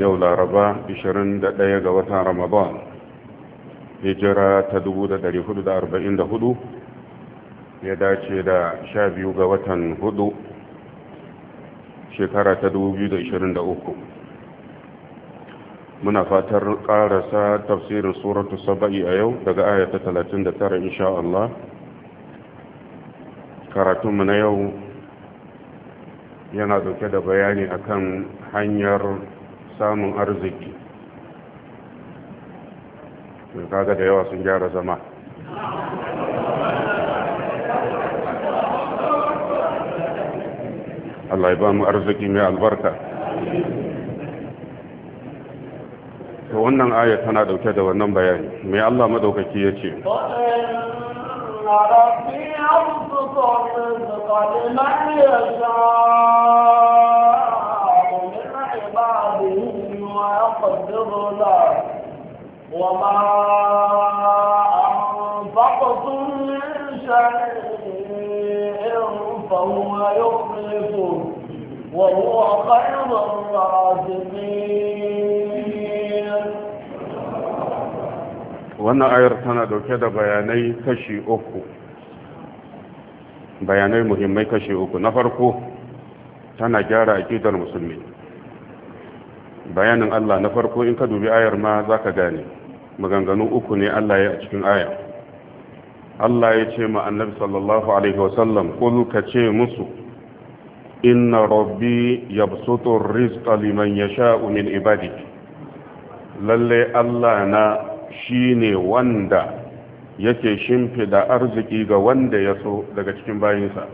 yau laraba 21 ga watan ramadan hijira ta 1444 ya dace da 12 ga watan hudu shekara ta 2023 muna fatar karasa tafsirin suratu saba'i a yau daga ayata 39 insha Allah karatunmu na yau yana dauke da bayani akan hanyar samun arziki sun kaga da yawa sun gyara zama Allah ya ba mu arziki mai albarka to wannan ayat tana dauke da wannan bayani mai Allah madaukaki ya ce ربي أرزق الرزق لمن يشاء يقدر له wannan ayar tana dauke da bayanai kashi uku bayanai muhimmai kashi uku na farko tana gyara akidar musulmi bayanin Allah na farko in ka dubi ayar ma za ka gane maganganu uku ne Allah ya cikin aya Allah ya ce ma annabi sallallahu alaihi wasallam kul ka ce musu inna rabbi yabsutu rizqa liman yasha'u min ibadihi lalle Allah na shine wanda yake shimfida arziki ga wanda ya so daga cikin bayinsa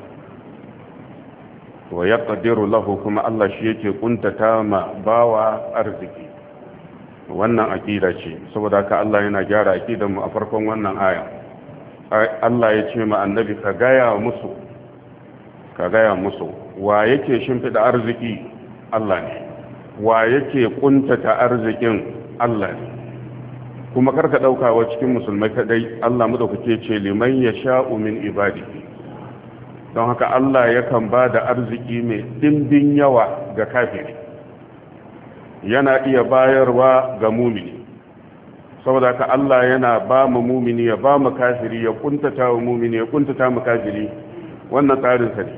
wa ya lahu kuma Allah shi yake ƙuntata ma bawa arziki wannan aƙida ce saboda ka Allah yana gyara aƙidanmu mu a farkon wannan aya Allah ya ce ma annabi ka gaya musu ka gaya musu wa yake shimfida arziki Allah ne wa yake ƙuntata arzikin Allah ne kuma karka wa cikin musulmai kaɗai? Allah mu ke ce liman ya sha'u min ibadiki don haka Allah yakan ba da arziki mai dimbin yawa ga kafiri yana iya bayarwa ga mumini saboda ka Allah yana ba mu mumini ya ba mu kafiri ya kuntata mu mumini ya kuntata mu kafiri wannan tsarin sa ne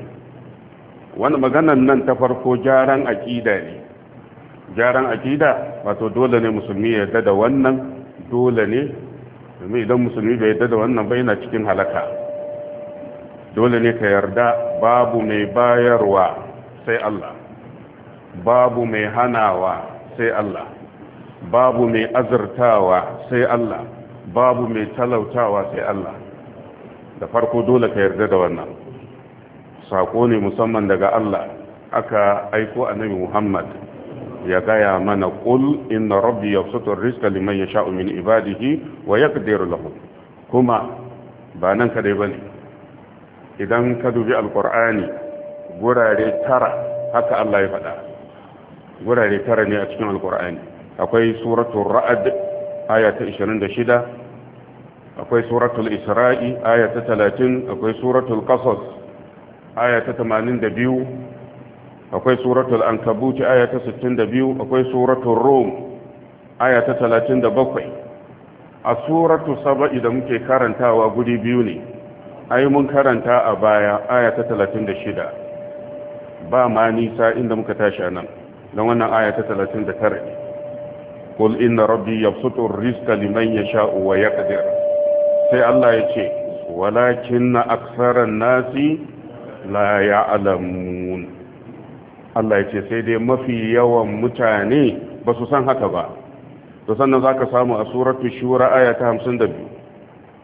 wannan maganar nan ta farko jaran aqida ne jaran aqida wato dole ne musulmi ya yarda da wannan dole ne domin idan musulmi bai yarda da wannan ba yana cikin halaka dole ne ka yarda babu mai bayarwa sai Allah babu mai hanawa sai Allah babu mai azurtawa sai Allah babu mai talautawa sai Allah da farko dole ka yarda da wannan sako ne musamman daga Allah aka aiko annabi Muhammad ya gaya mana qul inna rabbi yabsutu rizqa liman yasha'u min ibadihi wa yaqdiru lahu kuma ba nan kadai bane idan ka dubi alkur'ani gurare tara haka Allah ya faɗa gurare tara ne a cikin alkur'ani akwai suratul ra'ad aya ta 26 akwai suratul isra'i aya ta 30 akwai suratul qasas aya ta 82 akwai suratul ankabut aya ta 62 akwai suratul rum aya ta 37 a suratul saba idan muke karantawa guri biyu ne ai mun karanta a baya aya ta 36 ba ma nisa inda muka tashi anan don wannan aya ta 39 kul inna rabbi yabsutu ar-rizqa liman yasha'u wa yaqdir sai Allah ya ce walakinna aktharan nasi la ya'lamun Allah ya ce sai dai mafi yawan mutane ba su san haka ba to sannan zaka samu a suratul shura aya ta 52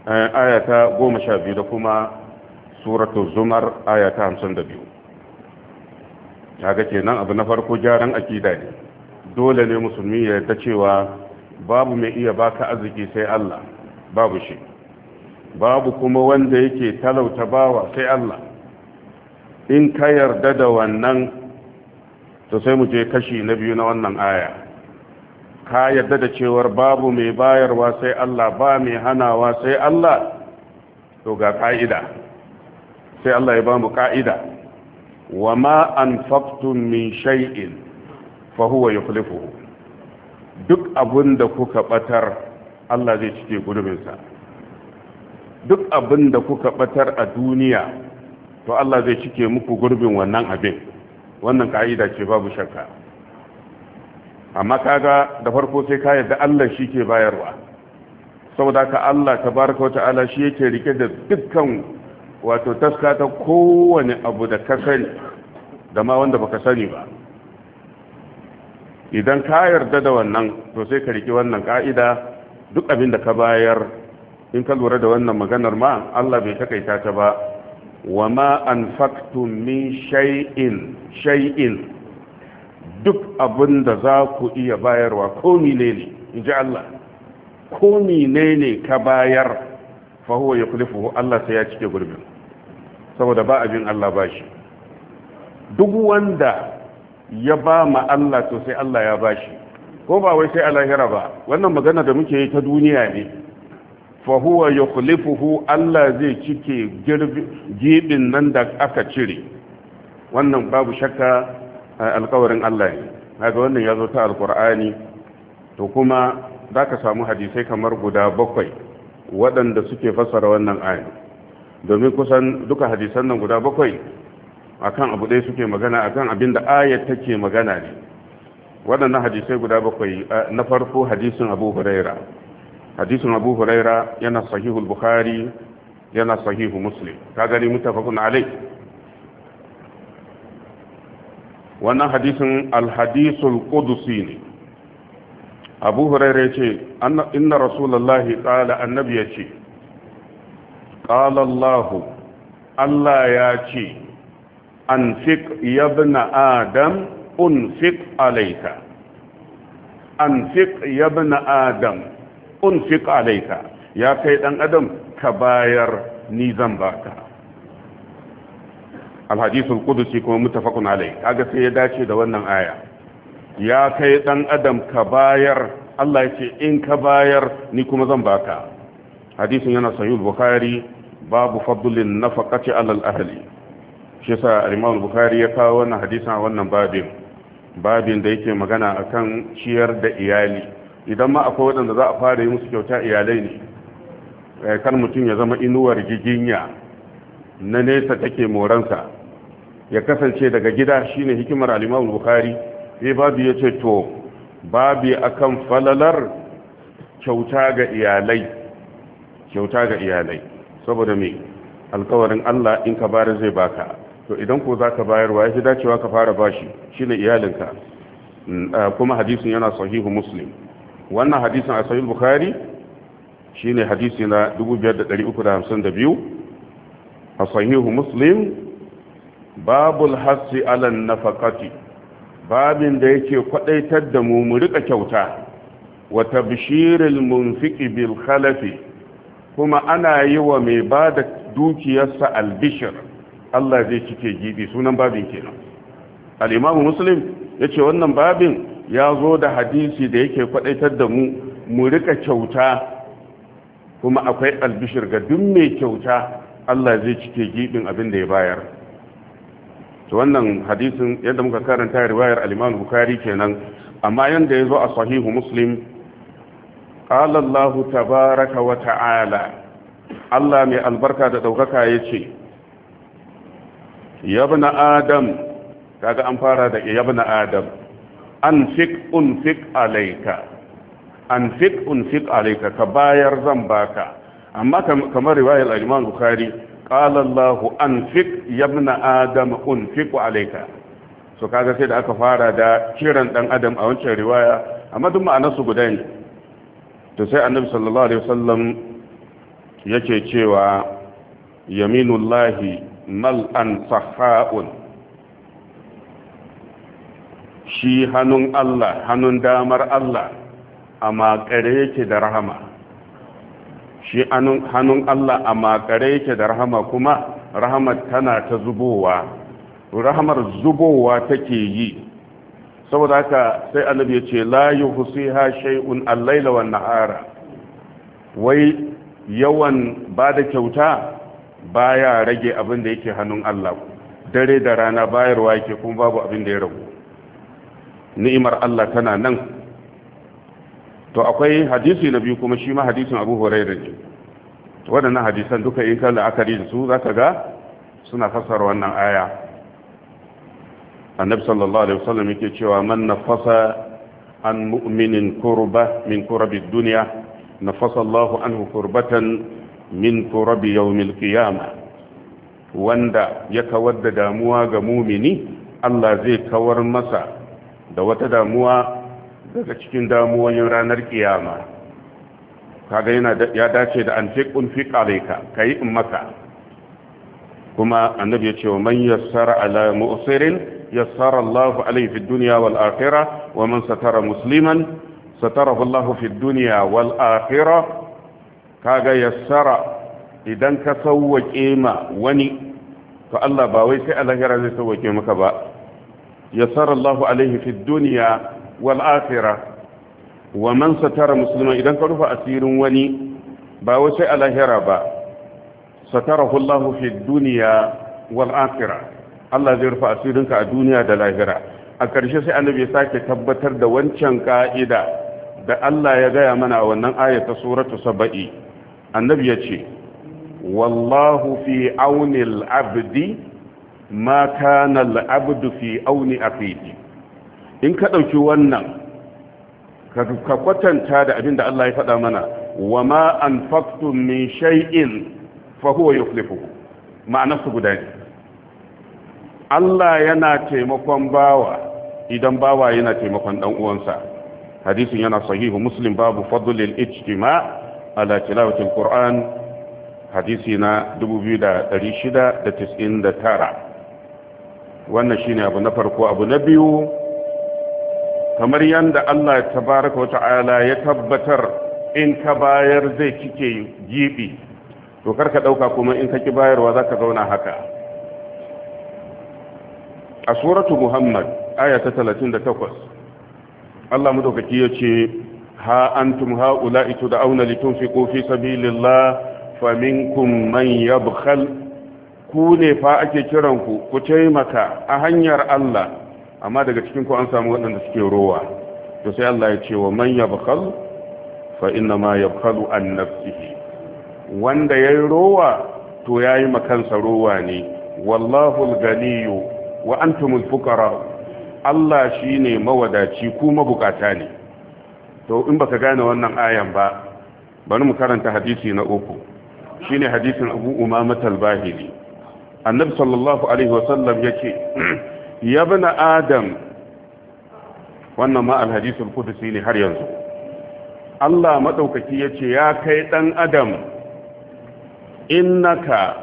ayata goma sha biyu da kuma suratu zumar ayata hamsin da biyu ga nan abu na farko gyaran akida ne dole ne musulmi ya yarda cewa babu mai iya baka arziki sai Allah babu shi babu kuma wanda yake talauta bawa sai Allah in ka yarda da wannan to sai mu je kashi na biyu na wannan aya ka yadda da cewar babu mai bayarwa sai Allah ba mai hanawa sai Allah to ga ka'ida sai Allah ya ba mu ka'ida wa ma anfaqtum min shay'in fa huwa yukhlifuhu duk abin da kuka batar Allah zai cike sa duk abin da kuka batar a duniya to Allah zai cike muku gurbin wannan abin wannan ka'ida ce babu shakka amma kaga da farko sai ka yarda Allah shi ke bayarwa saboda ka Allah tabaraka wa ta'ala shi yake rike da dukkan wato taska ta kowane abu da ka sani da ma wanda baka sani ba idan ka yarda da wannan to sai ka rike wannan ka'ida duk abin da ka bayar in ka lura da wannan maganar ma Allah bai takaita ta ba wa ma anfaqtum min shay'in shay'in duk abin da za ku iya bayarwa ko mine ne in ji Allah ko mine ne ka bayar faho ya kulifu Allah sai ya cike gurbin saboda ba abin Allah ba shi duk wanda ya ba ma Allah to sai Allah ya ba shi ko ba wai sai hira ba wannan magana da muke yi ta duniya ne fahuwa ya kulifuhu Allah zai cike gibin nan da aka cire wannan babu shakka alkawarin Allah ne haka wannan ya zo ta alkur'ani to kuma za ka samu hadisai kamar guda bakwai waɗanda suke fassara wannan ayin domin kusan duka hadisan nan guda bakwai akan abu ɗaya suke magana akan abin da ayat take magana ne waɗannan hadisai guda bakwai eh, na farko hadisin abu huraira hadisin abu huraira yana sahihul bukhari yana sahihu muslim ka gani mutafakun alai wannan hadisin alhadisul qudusi ne abu hurairah ce inna rasulullahi qala annabi yace ce. allah allah ya ce anfiq yabna adam unfiq alayka anfiq yabna adam ya kai dan adam ka bayar ni zan baka alhadisul qudusi kuma mutafakun alai kaga sai ya dace da wannan aya ya kai dan adam ka bayar Allah ya ce in ka bayar ni kuma zan baka hadisin yana sahih bukhari babu fadlin nafaqati alal ahli shi yasa imam bukhari ya kawo wannan hadisin a wannan babin babin da yake magana akan ciyar da iyali idan ma akwai waɗanda za a fara yi musu kyauta iyalai ne eh, kan mutum ya zama inuwar giginya na nesa take moransa ya kasance daga gida shine hikimar al-Imam Bukhari sai babu yace to babu akan falalar kyauta ga iyalai kyauta ga iyalai saboda mai alkawarin Allah in ka bayar zai baka to idan ko zaka bayarwa yafi dacewa ka fara bashi shine iyalinka mm, kuma hadisin yana sahihu Muslim wannan hadisin a sahih Bukhari shine hadisi na 2352 a sahihu Muslim babul hassi alan nafakati babin da yake kwadaitar da mu mu rika kyauta Wata Bishirin munfiqi bil khalafi kuma ana yi wa mai da dukiyarsa albishir Allah zai cike gibi sunan babin kenan al muslim muslim yace wannan babin ya zo da hadisi da yake kwadaitar da mu mu rika kyauta kuma akwai albishir ga duk mai kyauta Allah zai cike gibin abin da ya bayar to wannan hadisin yadda muka karanta riwayar al-Imam kenan amma yanda zo a sahihu Muslim qala Allah tabaaraka wa ta'ala Allah mai albarka da daukaka yace ya ibn adam kaga an fara da ya ibn adam anfiq unfiq alayka anfiq unfiq alayka ka bayar zan baka amma kamar riwayar al-Imam قال الله anfiq يا ابن adam unfiq عليك so kaga sai da aka fara da kiran dan adam a wancan riwaya amma duk ma'anar su guda ne to sai annabi sallallahu alaihi wasallam yake cewa yaminullahi an saha'un shi hannun Allah hannun damar Allah amma kare yake da rahama shi hannun Allah a makare yake da rahama kuma rahamar tana ta zubowa rahamar zubowa take yi saboda haka sai annabi ya ce la yuhsiha shay'un al-laila wan nahara wai yawan ba da kyauta baya rage abin da yake hannun Allah dare da rana bayarwa yake kuma babu abin da ya ragu ni'imar Allah tana nan to akwai hadisi na biyu kuma shi ma hadisin abu huraira ne waɗannan hadisan duka in kan la'akari da su za ka ga suna fassara wannan aya annabi sallallahu alaihi wasallam yake cewa man nafasa an mu'minin kurba min kurabi duniya nafasa Allahu anhu kurbatan min kurabi yawmil qiyama wanda ya kawar da damuwa ga mumini Allah zai kawar masa da wata damuwa daga cikin damuwoyin ranar kiyama kaga yana ya dace da an fiqun fi qalayka kai in maka kuma annabi ya ce wa man yassara ala mu'sirin yassara Allahu alayhi fi dunya wal akhirah wa man satara musliman satarahu Allahu fid dunya wal akhirah kaga yassara idan ka sauwake ma wani to Allah ba wai sai a lahira zai sauwake maka ba yassara Allahu alayhi fi dunya Wal'afira wa man satara musulman idan ka rufe asirin wani ba wai al'ahira ba satara Allah fi duniya wal'afira. Allah zai rufe asirinka a duniya da lahira a ƙarshe sai annabi ya sake tabbatar da wancan ka'ida da Allah ya gaya mana a wannan ta suratu saba'i annabi ya ce wallahu fi auni abdi ma kana al-abdu fi auni akhihi in ka ɗauki wannan ka kwatanta da abin da Allah ya faɗa mana wa ma an faktun min shay'in fa huwa yuflihu su guda ne Allah yana taimakon bawa idan bawa yana taimakon dan uwansa hadisin yana sahihu muslim babu al ijtima ala al qur'an hadisi na 2699 wannan shine abu na farko abu na biyu kamar yadda Allah tabaraka wa ta'ala ya tabbatar in ka bayar zai kike gibi to karka ɗauka kuma in ka ki bayarwa zaka zauna haka a suratu muhammad aya ta 38 Allah madaukaki yace ha antum da auna litunfiqu fi sabilillah faminkum man yabkhal ku ne fa ake kiranku ku taimaka a hanyar Allah amma daga cikin ku an samu waɗanda suke rowa to sai Allah ya ce wa man yabkhal fa inna ma yabkhalu an nafsihi wanda yayi rowa to yayi makansa rowa ne wallahu al-ganiyyu wa antumul fuqara Allah shine mawadaci kuma bukata ne to in baka gane wannan ayan ba bari mu karanta hadisi na uku shine hadisin Abu Umama al-Bahili annabi sallallahu alaihi wasallam yake ya bina adam wannan ma alhadisul kudusi ne har yanzu Allah maɗaukaki ya ce ya kai ɗan adam innaka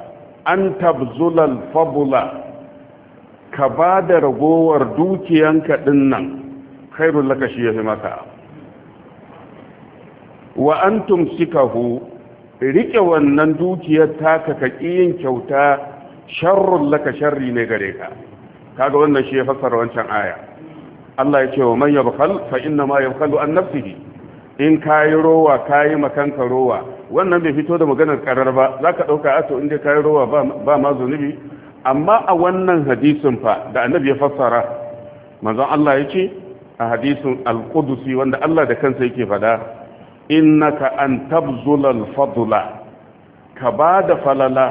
an tabzulal fabula ka ba da ragowar dukiyanka ɗin nan khairun lakashi ya fi maka wa an tumsikahu riƙe wannan dukiyar taka ka ƙiyin kyauta sharrun laka sharri ne gare ka kaga wannan shi ya fassara wancan aya Allah ya ce wa man yabkhal fa inna ma yabkhalu an nafsihi in kayi rowa kayi makanka rowa wannan bai fito da maganar karar ba zaka dauka ato ah, inda kayi rowa ba ma zunubi amma a wannan hadisin fa da annabi ya fassara manzon Allah ya ce a hadisin al-qudusi wanda Allah da kansa yake fada innaka an tabzula al-fadla ka bada falala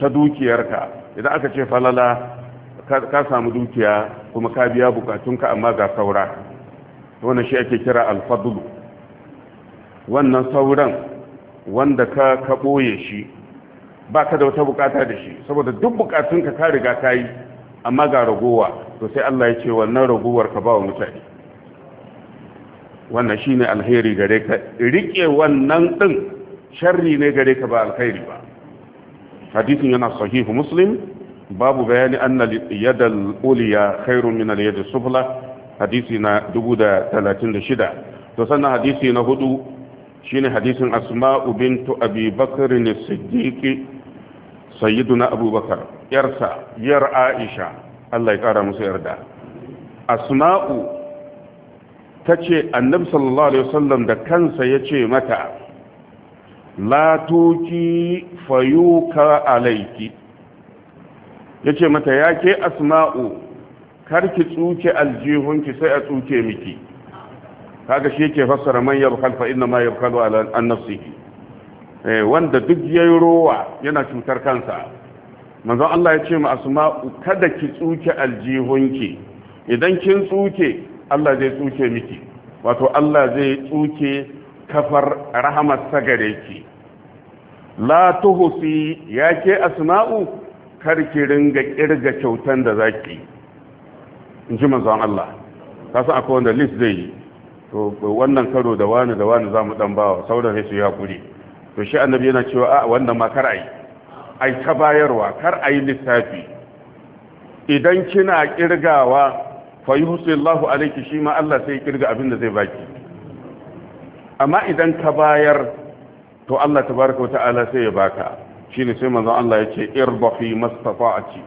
ta dukiyarka idan aka ce falala ka samu dukiya kuma ka biya bukatunka amma ga saura wannan shi ake kira alfadlu wannan sauran wanda ka ka boye shi ka da wata bukata da shi saboda duk bukatunka ka riga ka yi amma ga ragowa to sai Allah ya ce wannan ragowar ka ba wa mutane wannan shine alheri gare ka rike wannan ɗin sharri ne gare ka ba alkhairi ba hadisin yana sahihu muslim babu bayani anna yadal uliya khairun min al-yad sufla hadisi na 1036 to sannan hadisi na hudu shine hadisin asma'u bintu abi bakr as-siddiq sayyiduna abubakar yarsa yar aisha Allah ya kara musu yarda asma'u tace annabi sallallahu alaihi wasallam da kansa yace mata la tuki fayuka alaiki ya ce mata ya ke asma'u karki tsuke aljihunki sai a tsuke miki kaga shi yake fassara man yabkhal fa inna ma yabkhalu ala an nafsihi eh wanda duk yayi rowa yana cutar kansa manzo Allah ya ce ma asma'u kada ki tsuke aljihunki idan kin tsuke Allah zai tsuke miki wato Allah zai tsuke kafar rahamar sagare ki la tuhsi yake asma'u karki ringa kirga kyautan da zaki in ji manzon Allah ka san akwai wanda list zai yi to wannan karo da wani da wani zamu dan bawa sauran sai su yi hakuri to shi annabi yana cewa a wannan ma kar ai ai ta bayarwa kar ai lissafi idan kina kirgawa fa yuhsillahu alayki shi ma Allah sai kirga abin da zai baki amma idan ka bayar to Allah tabaraka wa ta'ala sai ya baka shine sai manzon Allah ya ce irba fi mastafa'ati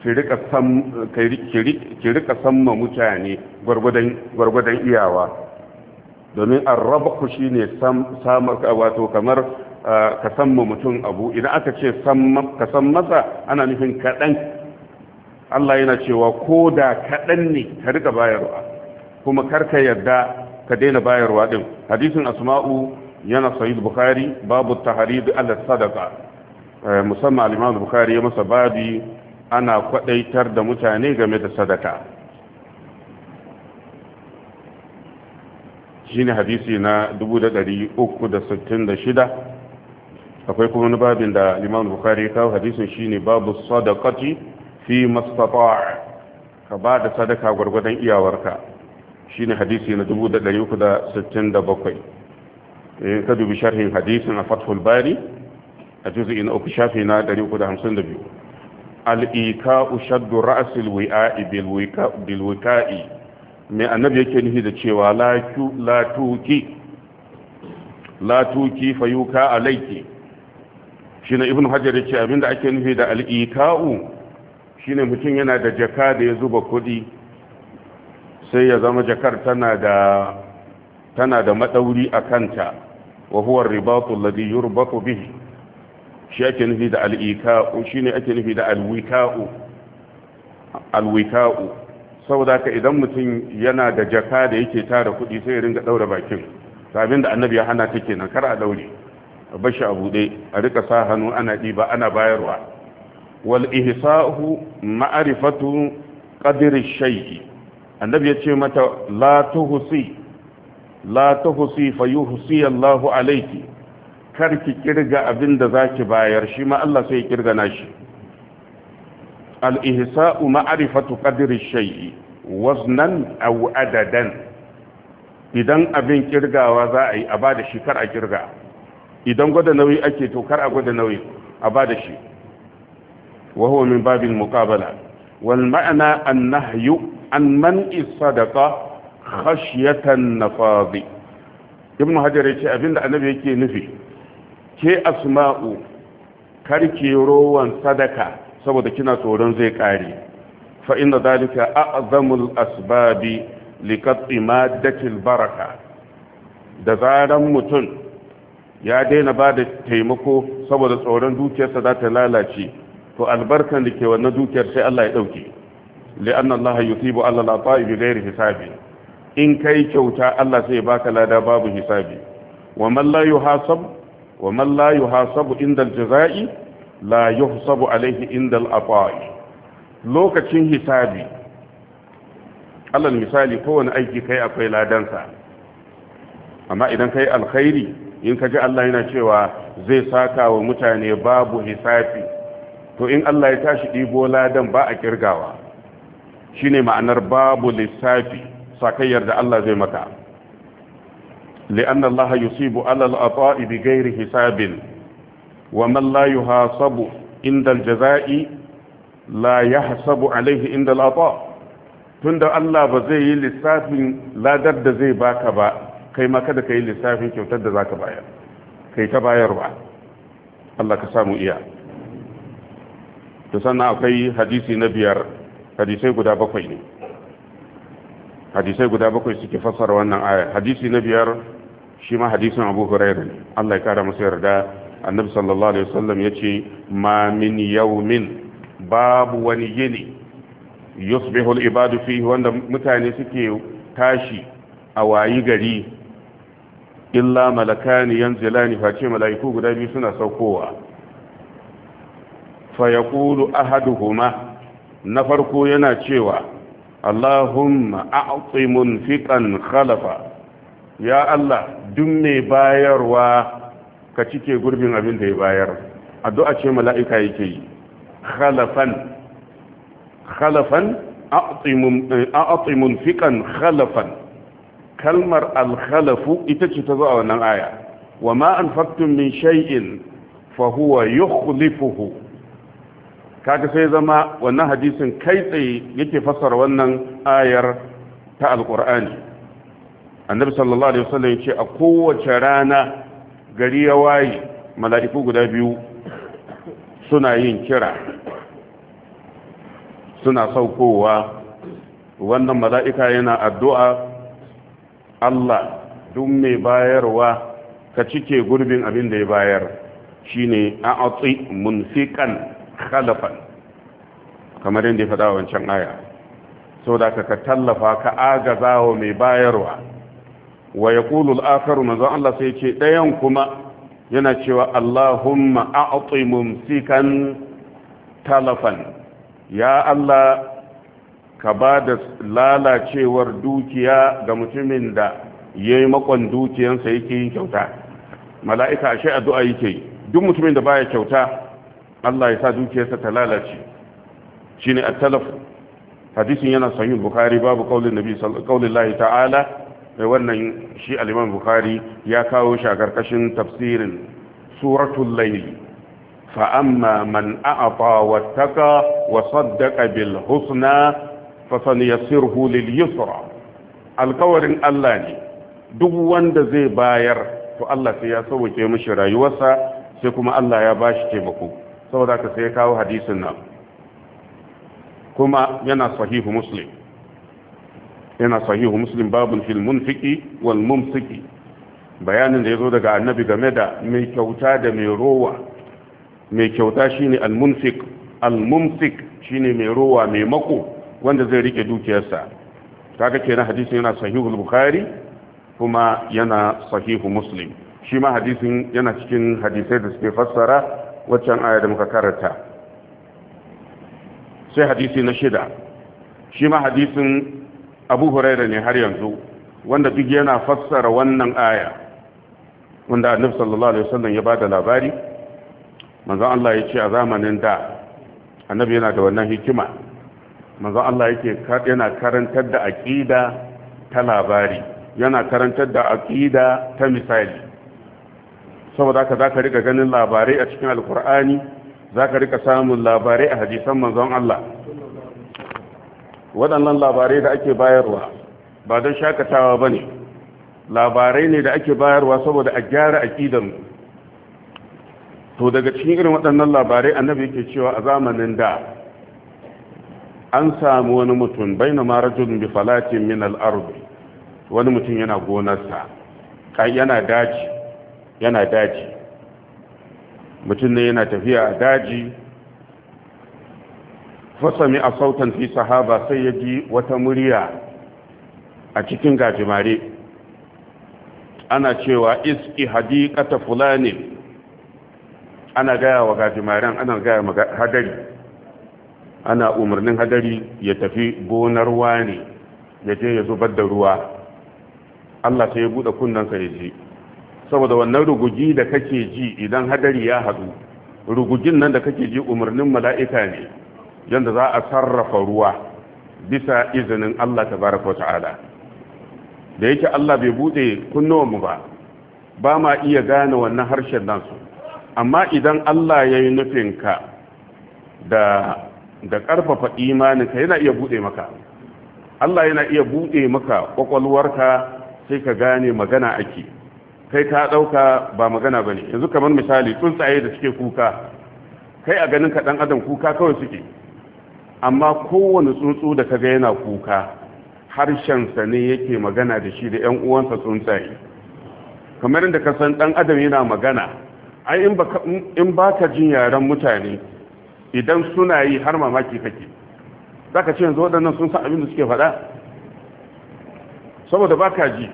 ki rika sam ki rika samma mutane gwargwadon gwargwadon iyawa domin arrabku shine sam samar wato kamar ka san ma mutum abu idan aka ce ka san masa ana nufin kaɗan Allah yana cewa ko da kaɗan ne ka rika bayarwa kuma karka yarda ka daina bayarwa din hadisin asma'u yana sahih bukhari babu tahrid al sadaqa Eh, musamman al-Imam Bukhari ya masa babi ana kwadaitar da mutane game da sadaka shine hadisi na 366 akwai kuma wani babin da al-Imam Bukhari ya kawo hadisin ne babu sadakati fi mastata' ka ba da sadaka gwargwadon iyawarka shine hadisi na 367 in eh, ka dubi sharhin hadisin a Fathul Bari a juzu'i na uku shafi na 352 al'ika ikau shaddu Ra'asil wi'a'i bil wika'i me annabi yake nufi da cewa la tuki la tuki fayuka alayki shine ibnu hajar yace abinda ake nufi da al'ika'u? shine mutum yana da jaka da ya zuba kuɗi sai ya zama jakar tana da tana da madauri a kanta wa huwa ribatu alladhi yurbatu bihi shi ake nufi da al'ika'u shi ne ake nufi da alwika'u alwika'u saboda ka idan mutum yana da jaka da yake tara kuɗi sai ya ringa ɗaura bakin sabin da annabi ya hana ta nan kar a ɗaure a bashi a buɗe a rika sa hannu ana ɗiba ana bayarwa wal ihsa'u ma'arifatu qadri shay'i annabi ya ce mata la tuhsi la tuhsi fayuhsi Allahu alayki kar ki kirga abin da za ki bayar shi ma Allah sai ya kirga nashi al-ihsa'u ma'rifatu qadri shay'i waznan aw adadan idan abin kirgawa za a yi a ba da shi kar a kirga idan gwada nauyi ake to kar a gwada nauyi a ba da shi wa huwa min babin muƙabala. wal ma'ana an-nahyu an man man'i sadaqa khashyatan nafadi ibn hajar yace abinda annabi yake nufi ke asma'u yi rowan sadaka saboda kina tsoron zai kare fa inna dalika a'zamul asbabi liqat'i madatil baraka da zaran mutum ya daina bada taimako saboda tsoron dukiyarsa za ta lalace to albarkan da ke wannan dukiyar sai Allah ya dauke li'anna Allah yusibu ala al bi ghairi hisabi in kai kyauta Allah sai ya baka lada babu hisabi wa man la yuhasab wa man la yuhasabu inda al-jazai la yuhsabu alayhi inda lokacin hisabi alal misali kowane aiki kai akwai ladansa amma idan kai alkhairi in ka ji Allah yana cewa zai saka wa mutane babu hisabi to in Allah ya tashi ɗibo ladan ba a ƙirgawa, shine ma'anar babu lissafi sakayyar da Allah zai maka لأن الله يصيب على العطاء بغير حساب ومن لا يحاسب عند الجزاء لا يحسب عليه عند العطاء tun da Allah ba zai yi lissafin ladar da zai baka ba kai ma kada ka yi lissafin kyautar da zaka bayar kai ta bayar ba Allah ka samu iya to sannan akwai hadisi na biyar hadisai guda bakwai ne hadisai guda bakwai suke fassara wannan aya hadisi na biyar shi ma hadisin abu hurairu Allah ya kara masa yarda annabi sallallahu alaihi wasallam yace ma min yawmin babu wani yini yusbihu al-ibadu fihi wanda mutane suke tashi a wayi gari illa malakani yanzilani face malaiku guda biyu suna saukowa fa yaqulu ahaduhuma na farko yana cewa Allahumma a'ti munfiqan khalafa ya Allah duk mai bayarwa ka cike gurbin abin da ya bayar addu'a ce mala'ika yake yi khalafan khalafan a'atimun eh, fikan khalafan kalmar alkhalafu ita ce ta zo a wannan aya wa ma anfaqtum min shay'in fa huwa yukhlifuhu kaga sai zama wannan hadisin kai tsaye yake fassara wannan ayar ta alqur'ani annabi sallallahu alaihi wasallam ya ce a kowace rana gari ya waye mala'iku guda biyu suna yin kira suna saukowa wannan mala'ika yana addu'a Allah duk mai bayarwa ka cike gurbin abin da ya bayar shine atsi munfiqan khalafan kamar yadda ya faɗa wancan aya saboda ka tallafa ka agazawa mai bayarwa wa Kulu al na zan Allah sai ce ɗayan kuma yana cewa Allahumma mun mumsikan talafan ya Allah ka ba da lalacewar dukiya ga mutumin da yi makon dukiyansa yake yin kyauta mala'ika ashe addu'a yake duk mutumin da baya kyauta Allah ya sa dukiyarsa ta lalace shi ne a talafu hadisin yana sanyin bukari babu qaulin nabi sallallahu ta'ala wannan shi aliman bukari ya kawo shi a tafsirin suratun layli fa amma man a'ata wattaka wa bil husna fa sanyassirhu lil yusra alkawarin Allah ne duk wanda zai bayar to Allah sai ya sauke mashi rayuwarsa sai kuma Allah ya bashi taimako saboda ka sai ya kawo hadisin nan kuma yana sahihu muslim yana sahihu muslim babun fil munfiki wal mumsiki bayanin da ya zo daga annabi game da mai kyauta da mai rowa mai kyauta shine al munfik al mumsik shine mai rowa mai mako wanda zai rike dukiyarsa kaga kenan hadisin yana sahihu bukhari kuma yana sahihu muslim shi ma hadisin yana cikin hadisai da suke fassara waccan aya da muka karanta sai hadisi na shida shi ma hadisin abu huraira ne har yanzu wanda duk yana fassara wannan aya wanda annabi sallallahu alaihi wasallam ya bada labari manzon Allah ya ce a zamanin da annabi yana da wannan hikima manzon Allah yake yana karantar da aƙida ta labari yana karantar da aƙida ta misali saboda haka zaka rika ganin labarai a cikin za zaka rika samun labarai a hadisan manzon Allah waɗannan labarai da ake bayarwa ba don shakatawa ba ne labarai ne da ake bayarwa saboda a gyara aƙidarmu to daga cikin irin waɗannan labarai annabi yake cewa a zamanin da an sami wani mutum bai baina marajun bi falatin min al'arbi wani mutum yana gonarsa yana daji yana daji mutum ne yana tafiya a daji fasami a sautan fi sahaba sai ya ji wata murya a cikin gajimare ana cewa iski hadikata fulani ana gaya wa gajimaren ana gaya wa hadari ana umarnin hadari ya tafi gonar wani ya je ya zubar da ruwa Allah sai ya buɗe kunnensa ya ji saboda wannan rugugi da kake ji idan hadari ya haɗu rugugin nan da kake ji umarnin mala'ika ne yadda za a sarrafa ruwa bisa izinin Allah ta tabaraka ta'ala da yake Allah bai bude kunnuwanmu ba ba ma iya gane wannan harshen nasu amma idan Allah ya yi nufinka da da ƙarfafa imaninka yana iya bude maka Allah yana iya bude maka ƙwaƙwalwarka sai ka gane magana ake kai ka ɗauka ba magana ba ne yanzu kamar misali tsuntsaye da suke kuka kai a ganin ka ɗan adam kuka kawai suke amma kowane tsuntsu da kaga yana kuka harshensa ne yake magana da shi da 'yan uwansa tsuntsaye kamar da ka san ɗan adam yana magana ai in ba ka jin yaren mutane idan suna yi har mamaki kake za ka ce yanzu waɗannan sun san abin da suke faɗa saboda ba ka ji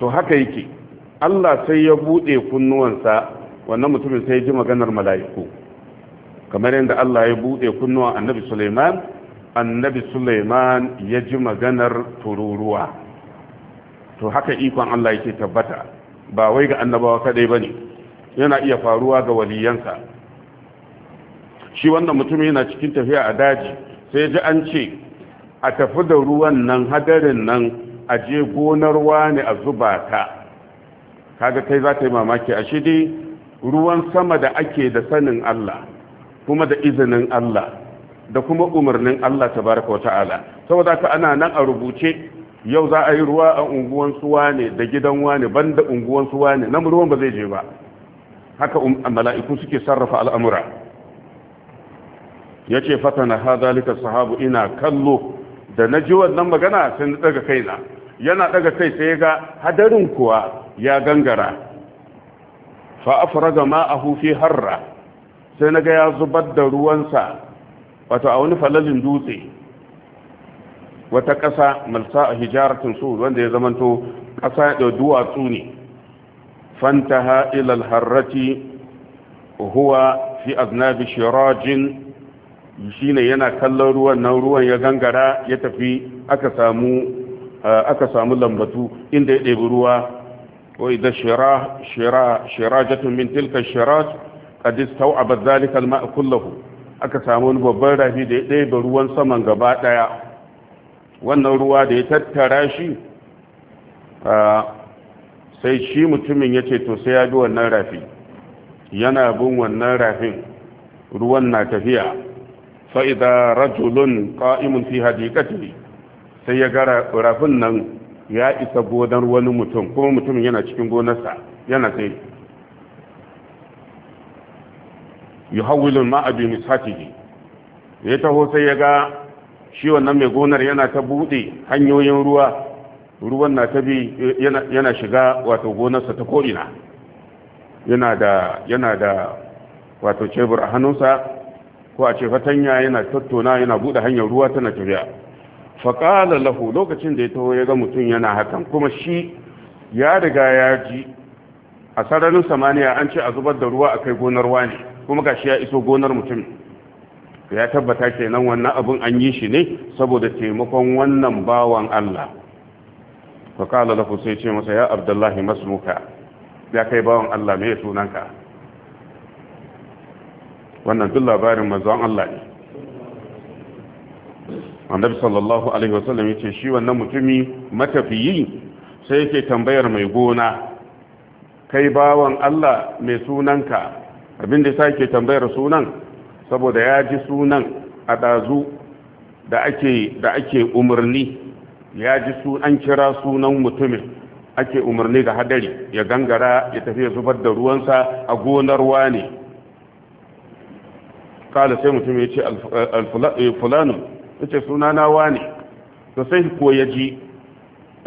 to haka yake allah sai ya buɗe kunnuwansa wannan mutumin sai ya ji maganar mala'iku kamar yadda Allah ya buɗe kunnuwan annabi Suleiman annabi Suleiman ya ji maganar tururuwa to haka ikon Allah yake tabbata ba wai ga annabawa kadai bane yana iya faruwa ga waliyansa shi wannan mutum yana cikin tafiya a daji sai ji an ce a tafi da ruwan nan hadarin nan a je gonarwa ne a zuba ta kaga kai za ta yi mamaki a shi ruwan sama da ake da sanin Allah kuma da izinin Allah da kuma umarnin Allah ta tabaraka wa ta'ala saboda ka ana nan a rubuce yau za a yi ruwa a unguwan suwa ne da gidan wani banda unguwan suwa ne nan ruwan ba zai je ba haka um, mala'iku suke sarrafa al'amura ya ce fatana ha zalika sahabu ina kallo da na ji wannan magana sai na daga kaina yana daga kai sai ga hadarin kuwa ya gangara fa afraga ma'ahu fi harra sai na ga ya zubar da ruwansa wato a wani falalin dutse wata ƙasa malsa a hijaratun su wanda ya zamanto ƙasa da duwatsu ne fantaha ilal harrati huwa fi aznabi shirajin shine yana kallon ruwan nan ruwan ya gangara ya tafi aka samu aka samu lambatu inda ya ɗebi ruwa wa da shira shira shirajatun min tilka shira. hadis tau abad kalma a kullahu aka samu wani babban rafi da ya ruwan saman gaba ɗaya wannan ruwa da ya tattara shi sai shi mutumin ya ce to sai ya bi wannan rafi yana bin wannan rafin ruwan na tafiya da rajulun ƙa'imun fi hadikati sai ya gara rafin nan ya isa godar wani mutum kuma mutumin yana cikin gonarsa yana sai yuhawwilu ma'a bi misatihi ya taho sai ya ga shi wannan mai gonar yana ta bude hanyoyin ruwa ruwan na ta bi yana shiga wato gonarsa ta ko'ina yana da yana da wato cebur a hannunsa ko a ce fatanya yana tattona yana bude hanyar ruwa tana tafiya faƙala lahu lokacin da ya taho ya ga mutum yana hakan kuma shi ya riga ya ji a sararin samaniya an ce a zubar da ruwa a kai gonar wani kuma shi ya iso gonar mutum ya tabbata ke nan wannan abun an yi shi ne saboda taimakon wannan bawan Allah ka kala lahu sai ce masa ya abdullahi masmuka ya kai bawan Allah mai sunanka wannan duk labarin manzon Allah ne annabi sallallahu alaihi wasallam yace shi wannan mutumi matafiyi sai yake tambayar mai gona kai bawan Allah mai sunanka abin da sake tambayar sunan saboda ya ji sunan a ɗazu da ake da ake umarni ya ji su an kira sunan mutumin ake umarni da hadari ya gangara ya tafi ya zubar da ruwansa a gonar wane kala sai mutum ya ce alfulanu eh, ya ce sunana wane to sai ko ya ji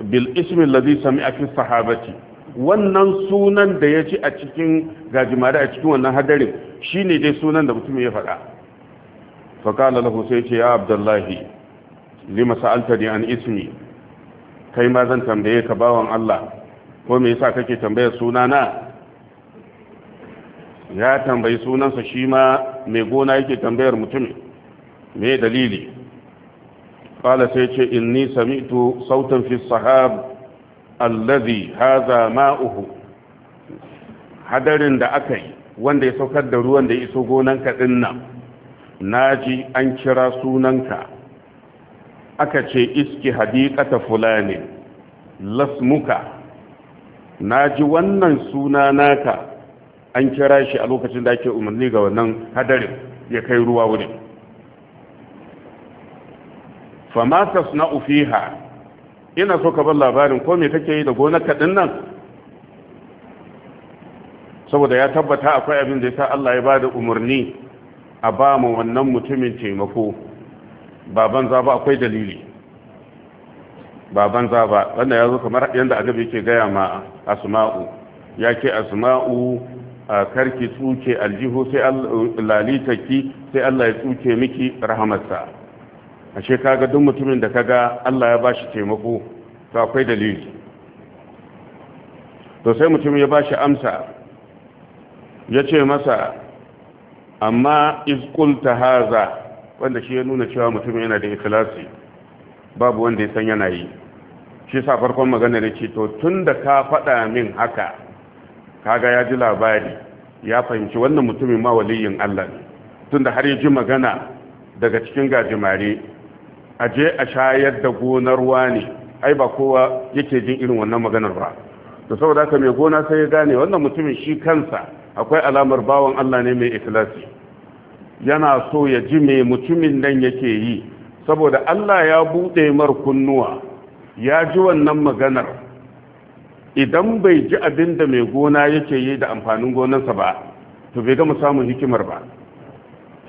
bil ismin lazi sami a fi sahabati wannan sunan da ya ci a cikin gajimare a cikin wannan hadarin ne dai sunan da mutum ya faɗa faƙala lahu ce ya abdullahi lima sa'alta an ismi kai ma zan tambaye ka bawan Allah ko me yasa kake tambayar sunana ya tambayi sunansa shi ma mai gona yake tambayar mutum me dalili qala sai ce inni sami'tu sautan fi sahab allazi haza ma'uhu hadarin da aka yi wanda ya saukar da ruwan da ya iso gonanka din nan naji an kira sunanka aka ce iski hadiqata fulani lasmuka naji wannan suna naka an kira shi a lokacin da ake umarni ga wannan hadarin ya kai ruwa wurin fama tasna'u fiha ina so ka bar labarin ko me kake yi da gonar ka nan saboda ya tabbata akwai abin da yasa Allah ya bada umarni a ba mu wannan mutumin taimako baban za ba akwai dalili baban za ba wannan ya zo kamar yadda agabi yake gaya ma asma'u yake asma'u a karki tsuke aljihu sai lalita ki sai Allah ya tsuke miki rahamarsa ashe kaga duk mutumin da kaga Allah ya bashi taimako to akwai dalili to sai mutum ya bashi amsa ya ce masa amma izkulta haza wanda shi ya nuna cewa mutum yana da ikhlasi babu wanda ya san yana yi shi sa farkon magana ne ce to tun ka faɗa min haka kaga ya ji labari ya fahimci wannan mutumin ma waliyin Allah ne tun har ya ji magana daga cikin gajimare a je a shayar da gonar wani ai ba kowa yake jin irin wannan maganar ba to saboda haka mai gona sai ya gane wannan mutumin shi kansa akwai alamar bawan Allah ne mai ikhlasi yana so ya ji mai mutumin nan yake yi saboda Allah ya bude mar kunnuwa ya ji wannan maganar idan bai ji abinda mai gona yake yi da amfanin gonarsa ba to bai gama samun hikimar ba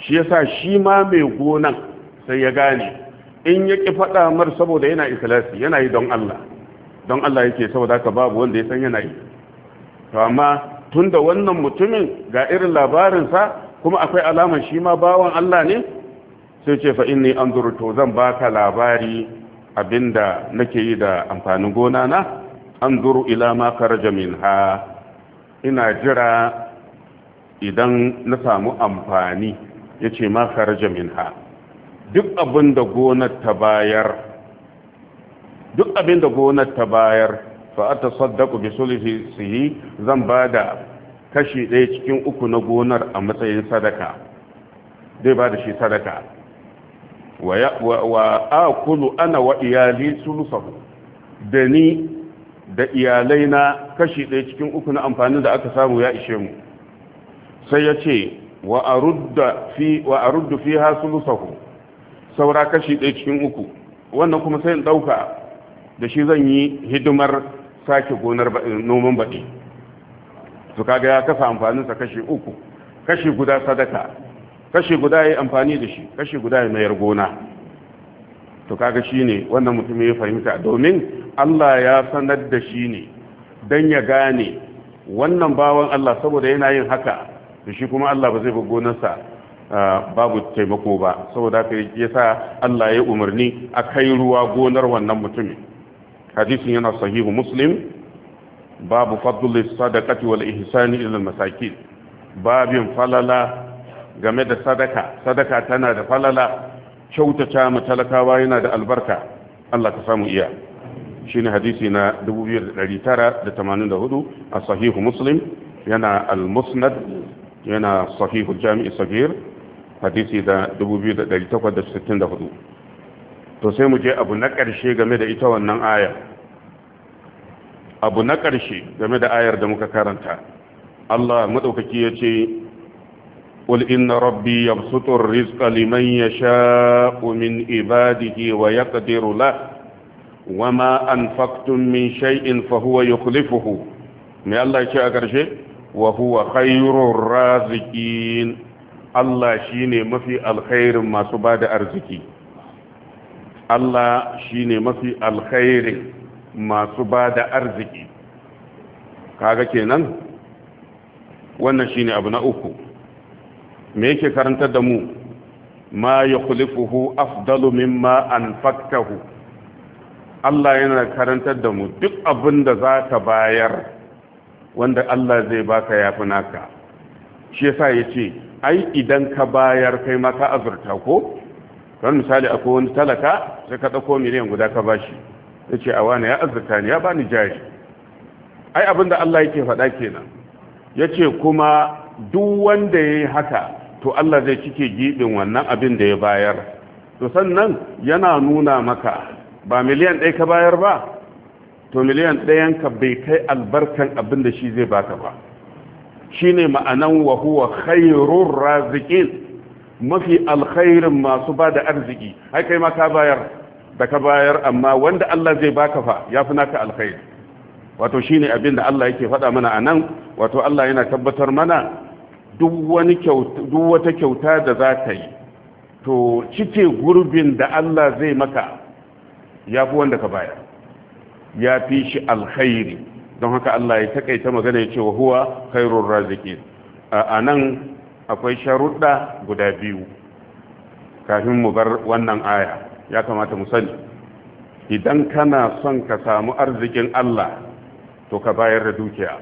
shi yasa shi ma mai gonan sai ya gane in ya ki faɗa mar saboda yana ikhlasi yana yi don Allah don Allah yake saboda haka babu wanda ya san yana yi to amma tunda wannan mutumin ga irin labarinsa kuma akwai alamar shi ma bawan Allah ne sai ce fa inni anzuru to zan baka labari abinda nake yi da amfanin gona na anzuru ila ma kharaja minha ina jira idan na samu amfani yace ma kharaja minha duk abin da gonar ta bayar duk abin da gonar ta bayar fa ata saddaku bi sulhi zan bada kashi ɗaya cikin uku na gonar a matsayin sadaka zai bada shi sadaka wa wa akulu ana wa iyali sulusahu da ni da iyalai na kashi ɗaya cikin uku na amfanin da aka samu ya ishe mu sai ya ce wa aruddu fi ha sulusahu saura kashi ɗaya cikin uku wannan kuma sai in ɗauka da shi zan yi hidimar sake gonar noman baɗi su kaga ya kasa amfaninsa kashi uku kashi guda sadaka kashi guda ya amfani da shi kashi guda ya mayar gona to kaga shi ne wannan mutum ya fahimta domin allah ya sanar da shi ne don ya gane wannan bawan allah saboda yana yin haka da shi kuma allah ba zai ba gonarsa babu taimako ba saboda haka yasa Allah ya umarni a kai ruwa gonar wannan mutumin hadisin yana sahihu muslim babu fadlul sadaqati wal ihsani ila al masakin babin falala game da sadaka sadaka tana da falala kyautata ma talakawa yana da albarka Allah ka samu iya shine hadisi na 2984 a sahihu muslim yana al-musnad yana sahihu jami'i sagir hadisi da 2864 to sai mu je abu na ƙarshe game da ita wannan ayar abu na ƙarshe game da ayar da muka karanta Allah maɗaukaki ya ce قل إن ربي يبسط الرزق لمن يشاء من عباده ويقدر له وما أنفقتم من شيء فهو يخلفه ما الله يشاء أكرشه وهو خير الرازقين Allah shi ne mafi alkhairin masu ba da arziki Allah shi ne mafi alkhairin masu ba da arziki kaga kenan wannan shi ne abu na uku me yake karantar da mu ma yukhlifuhu afdalu mimma hu. Allah yana karantar da mu duk abin da za ka bayar wanda Allah zai baka yafi naka shi yasa yace ai idan ka bayar kai ma ka azurta ko don misali akwai wani talaka sai ka ɗauko miliyan guda ka bashi ya a wani ya azurta ne ya bani jari ai abinda Allah yake faɗa kenan yace kuma duk wanda ya haka to Allah zai cike giɓin wannan abin da ya bayar to sannan yana nuna maka ba miliyan ɗaya ka bayar ba to miliyan ɗayan ka bai kai albarkan abin da shi zai baka ba shine ma'anan wa huwa khairur raziqin mafi alkhairin masu ba da arziki ai kai ma ka bayar da ka bayar amma wanda Allah zai baka fa yafi naka alkhair. wato shine abin da Allah yake faɗa mana anan wato Allah yana tabbatar mana duk wani kyauta duk wata kyauta da za ka yi to cike gurbin da Allah zai maka yafi wanda ka bayar yafi shi alkhairi don haka Allah ya takaita magana ya ce wa huwa khairur raziqin a nan akwai sharuɗa guda biyu kafin mu bar wannan aya ya kamata mu sani idan kana son ka samu arzikin Allah to ka bayar da dukiya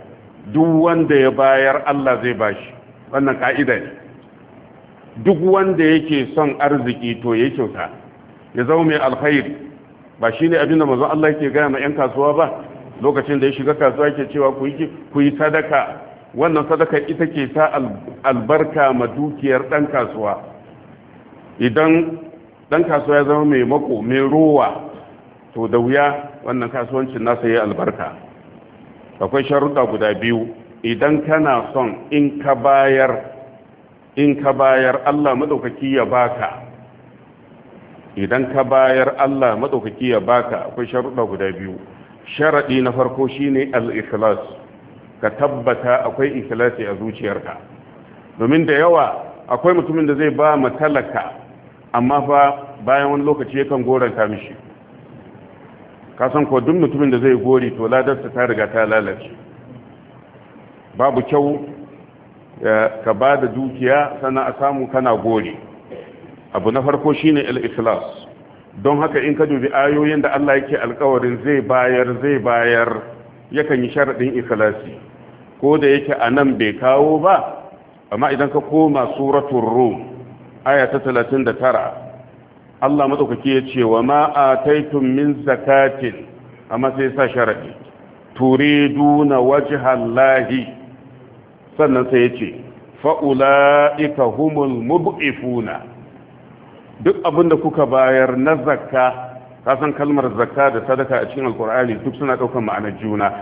duk wanda ya bayar Allah zai bashi wannan ka'ida ne duk wanda yake son arziki to ya kyauta ya zama mai alkhairi ba shi ne abinda mazan Allah yake gaya ma 'yan kasuwa ba lokacin da ya shiga kasuwa yake cewa ku yi ku yi sadaka wannan sadaka ita ke sa albarka ma dukiyar dan kasuwa idan dan kasuwa ya zama mai mako mai rowa to da wuya wannan kasuwancin nasa ya albarka akwai sharuɗa guda biyu idan kana son in ka bayar in ka bayar Allah madaukaki ya baka idan ka bayar Allah madaukaki ya baka akwai sharuɗa guda biyu sharaɗi na farko shine al-ikhlas ka tabbata akwai ikhlasi a zuciyarka domin da yawa akwai mutumin da zai ba ma talaka amma fa bayan wani lokaci yakan goranta mishi kasan ko duk mutumin da zai gori to ladarsa ta riga ta lalace babu kyau ka ba da dukiya sannan a samu kana gori abu na farko shine al-ikhlas don haka in ka dubi ayoyin da Allah yake alkawarin zai bayar zai bayar yakan yi sharadin ikhlasi ko da yake nan bai kawo ba amma idan ka koma suratul rum aya ta 39 Allah madaukake ya ce wa ma ataitum min zakatin amma sai sa sharadi turiduna wajha Allahi sannan sai ya ce fa'ula'ika humul mubifuna duk abin da kuka bayar na zakka ka san kalmar zakka da sadaka a cikin alkur'ani duk suna ɗaukar ma'anar juna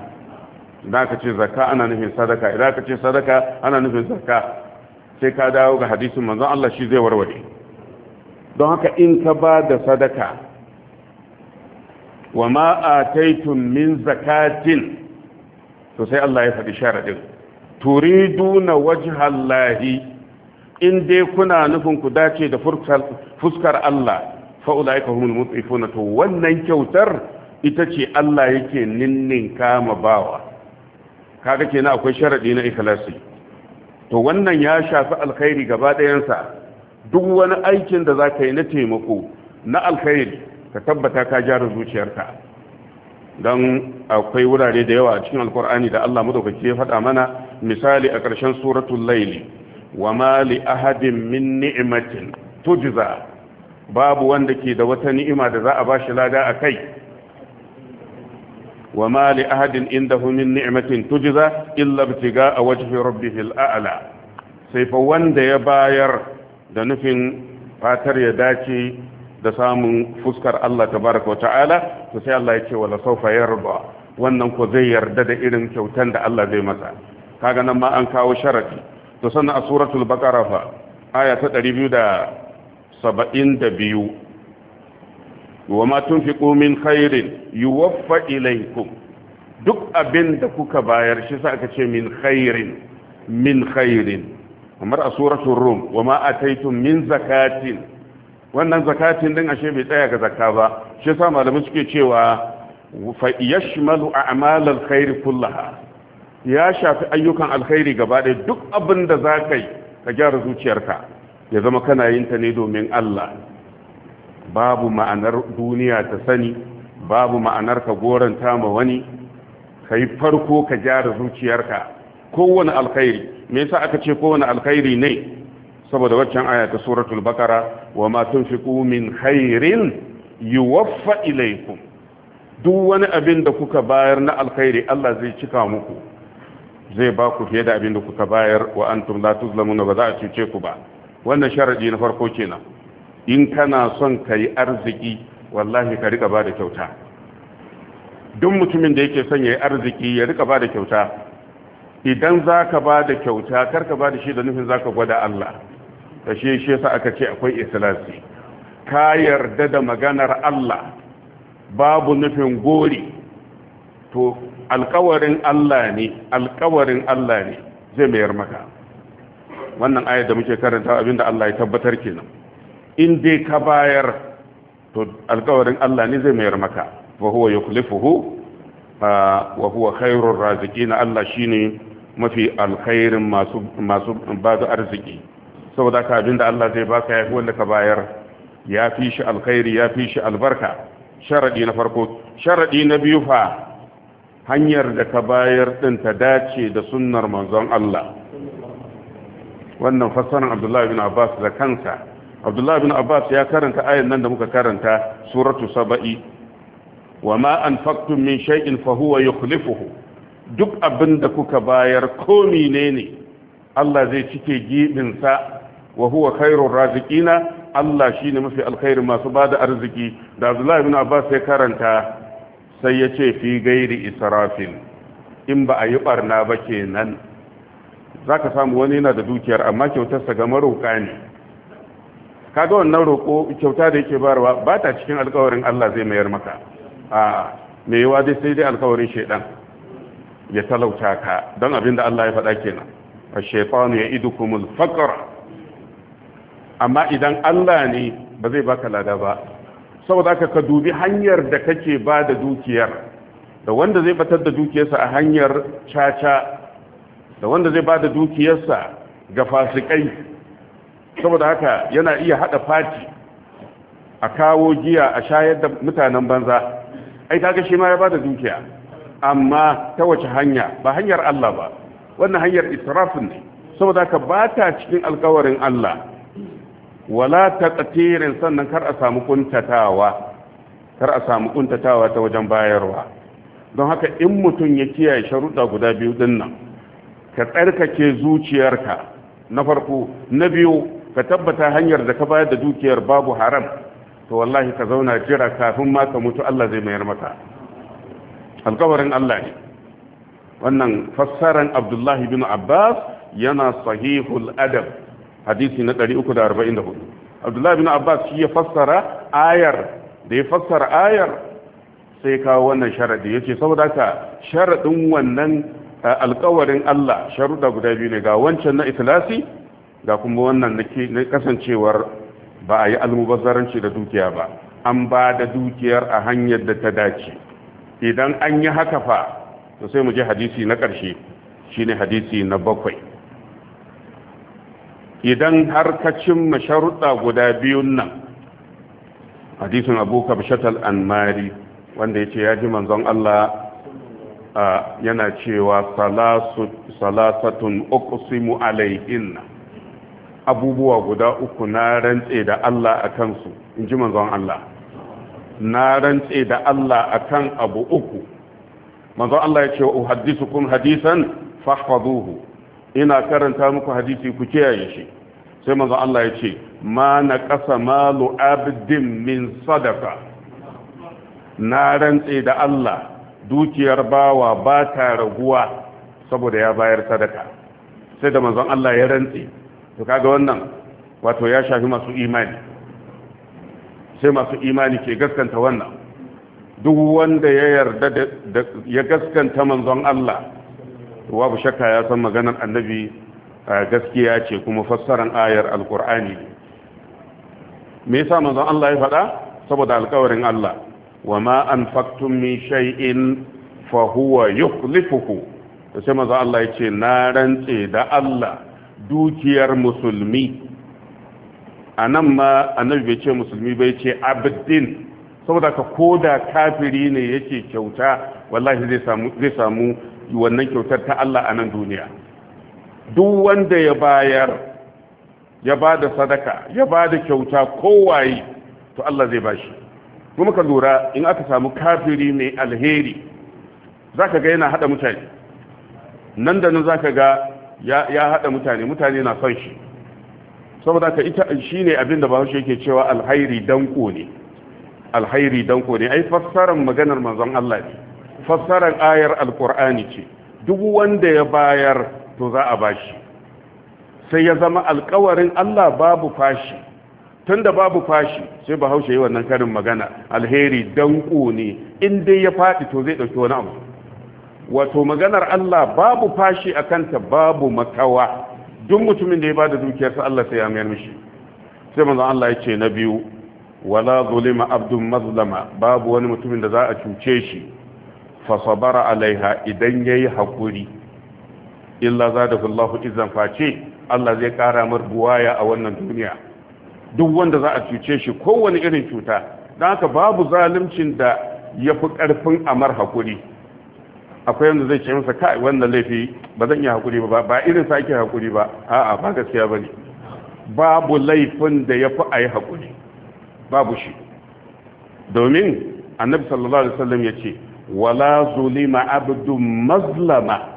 idan ka ce zakka ana nufin sadaka idan aka ce sadaka ana nufin zakka sai ka dawo ga hadisin manzon Allah shi zai warware don haka in ka ba da sadaka wa ma ataitum min zakatin to sai Allah ya faɗi sharadin turiduna wajhallahi in dai kuna nufin ku dace da fuskar Allah fa ulaika humul mutifuna to wannan kyautar ita ce Allah yake ninnin kama bawa kaga kenan akwai sharaɗi na ikhlasi to wannan ya shafi alkhairi gaba ɗayansa duk wani aikin da za ka yi na taimako na alkhairi ka tabbata ka gyara zuciyarka don akwai wurare da yawa a cikin alkur'ani da Allah madaukake ya faɗa mana misali a ƙarshen suratul laili wa li ahadin min ni'matin tujza babu wanda ke da wata ni'ima da za a bashi lada a kai wamali li ahadin indahu min ni'matin tujza illa a wajhi rabbihi al'a'la sai fa wanda ya bayar da nufin fatar ya dace da samun fuskar Allah tabaraka wa ta'ala to sai Allah ya ce wala sawfa yarda wannan ko zai yarda da irin kyautan da Allah zai masa kaga nan ma an kawo sharadi to sannan a suratul baqara fa aya ta 272 wama tunfiqu min khairin yuwaffa ilaykum duk abin da kuka bayar shi sa aka ce min khairin min khairin kamar a suratun rum wama ataitum min zakatin wannan zakatin din ashe bai tsaya ga zakka ba shi sa malamin suke cewa fa yashmalu a'malal khair kullaha ya shafi ayyukan alkhairi gaba ɗaya duk abin da za ka yi ka gyara zuciyarka ya zama kana yin ta ne domin Allah babu ma'anar duniya ta sani babu ma'anar ka goranta ma wani ka yi farko ka gyara zuciyarka kowane alkhairi me yasa aka ce kowane alkhairi ne saboda waccan aya ta suratul bakara wa ma tunfiqu min khairin yuwaffa ilaykum duk wani abin da kuka bayar na alkhairi Allah zai cika muku zai ba ku fiye da abin da kuka bayar wa antum la tuzlamuna ba za a cuce ku ba wannan sharadi na farko kenan in kana son ka yi arziki wallahi ka rika ba da kyauta duk mutumin da yake son ya yi arziki ya rika ba da kyauta idan za ka ba da kyauta kar ka ba da shi da nufin za ka gwada Allah da shi shi sa aka ce akwai islasi ka yarda da maganar Allah babu nufin gori to alkawarin Allah ne alkawarin Allah ne zai mayar maka wannan ayar da muke karanta abinda Allah ya tabbatar kenan in dai ka bayar to alkawarin Allah ne zai mayar maka wa huwa yukhlifuhu wa huwa khairur raziqin Allah shine mafi alkhairin masu masu arziki saboda ka abinda Allah zai baka yafi wanda ka bayar ya fi shi alkhairi ya fi shi albarka sharadi na farko sharadi na biyu fa hanyar da ka bayar ɗin ta dace da sunnar manzon Allah wannan fassarar Abdullah bin Abbas da kansa Abdullah bin Abbas ya karanta ayan nan da muka karanta suratu saba'i wa ma anfaqtum min shay'in fa huwa yukhlifuhu duk abin da kuka bayar komi ne ne Allah zai cike gibin sa wa huwa khairur raziqina Allah shine mafi alkhairi masu bada arziki da Abdullah bin Abbas ya karanta sai ya ce fi gairi israfil in ba a yi barna ba nan. za ka samu wani yana da dukiyar amma kyautarsa ga maroka ne kaga wannan roƙo kyauta da yake barwa ba ta cikin alkawarin Allah zai mayar maka a me yawa dai sai dai alkawarin shaidan ya talauta ka don abin da Allah ya faɗa kenan ya idu kuma faqr amma idan Allah ne ba zai baka lada ba saboda aka ka dubi hanyar da kake ba da dukiyar da wanda zai batar da dukiyarsa a hanyar caca da wanda zai ba da dukiyarsa ga fasikai saboda haka yana iya hada fati a kawo giya a shayar da mutanen banza ai kaga shi ma ya ba da dukiya amma ta wace hanya ba hanyar Allah ba wannan hanyar israfin ne saboda haka ba ta cikin alkawarin Allah wala takateren sannan kar a samu kuntatawa kar a samu kuntatawa ta wajen bayarwa don haka in mutum ya kiyaye sharuɗa guda biyu din nan ka tsarkake zuciyarka na farko na biyu ka tabbata hanyar da ka bayar da dukiyar babu haram to wallahi ka zauna jira kafin ma ka mutu Allah zai mayar maka alkawarin Allah ne wannan fassaran Abdullahi bin Abbas yana sahihul adab hadisi na 344 abdullahi bin abbas shi ya fassara ayar da ya fassara ayar sai kawo wannan sharadi yace saboda ka sharadin wannan alƙawarin Allah sharuda guda biyu ne ga wancan na ikhlasi ga kuma wannan na kasancewar ba a yi almubazzaranci da dukiya ba an ba da dukiyar a hanyar da ta dace idan an yi haka fa to sai mu je hadisi na ƙarshe shine hadisi na bakwai idan har ka cimma sharuɗa guda biyun nan hadisin abu an mari, wanda ya ce ya ji manzon Allah yana cewa salasatun uqsimu alaihinna abubuwa guda uku na rantse da Allah a kansu in ji manzon Allah na rantse da Allah a kan abu uku manzon Allah ya ce uhaddisu kun hadisan fahfazuhu ina karanta muku hadisi ku kiyaye shi sai manzon Allah ya ce ma na kasa malu abdin min sadaka na rantse da Allah dukiyar bawa ba ta raguwa saboda ya bayar sadaka sai da manzon Allah ya rantse to kaga wannan wato ya shafi masu imani sai masu imani ke gaskanta wannan duk wanda ya yarda da ya gaskanta manzon Allah babu shakka ya san maganar annabi gaskiya ce kuma fassaran ayar alkur'ani me yasa manzon Allah ya faɗa saboda alƙawarin Allah wa ma anfaqtum min shay'in fa huwa yukhlifuhu sai manzon Allah ya ce na rantse da Allah dukiyar musulmi anan ma annabi bai ce musulmi bai ce abdin saboda ka koda kafiri ne yake kyauta wallahi zai samu zai samu wannan kyautar ta Allah a nan duniya duk wanda ya bayar ya ba da sadaka ya ba da kyauta kowaye to Allah zai bashi kuma ka lura in aka samu kafiri mai alheri zaka ga yana hada mutane nan da nan zaka ga ya hada mutane mutane na son shi saboda ka ita shine abin da bahaushe yake cewa alhairi danko ne alhairi danko ne ai fassarar maganar manzon Allah ne fassarar ayar alkur'ani ce duk wanda ya bayar to za a bashi sai ya zama alkawarin Allah babu fashi da babu fashi sai bahaushe yi wannan karin magana alheri danko ne in dai ya faɗi to zai ɗauki wani abu wato maganar Allah babu fashi a kanta babu makawa duk mutumin da ya bada dukiyarsa Allah sai ya mayar mishi sai manzon Allah ya ce na biyu wala zulima abdun mazlama babu wani mutumin da za a cuce shi fasabara alaiha idan yayi hakuri illa zadahu Allah izan face Allah zai kara mar buwaya a wannan duniya duk wanda za a cuce shi kowane irin cuta don haka babu zaluncin da ya fi ƙarfin amar hakuri akwai wanda zai ce masa kai wannan laifi ba zan yi hakuri ba ba irin sa ake hakuri ba a'a ba gaskiya bane babu laifin da ya fi a yi hakuri babu shi domin annabi sallallahu alaihi wasallam ya ce wala zulima abdun mazlama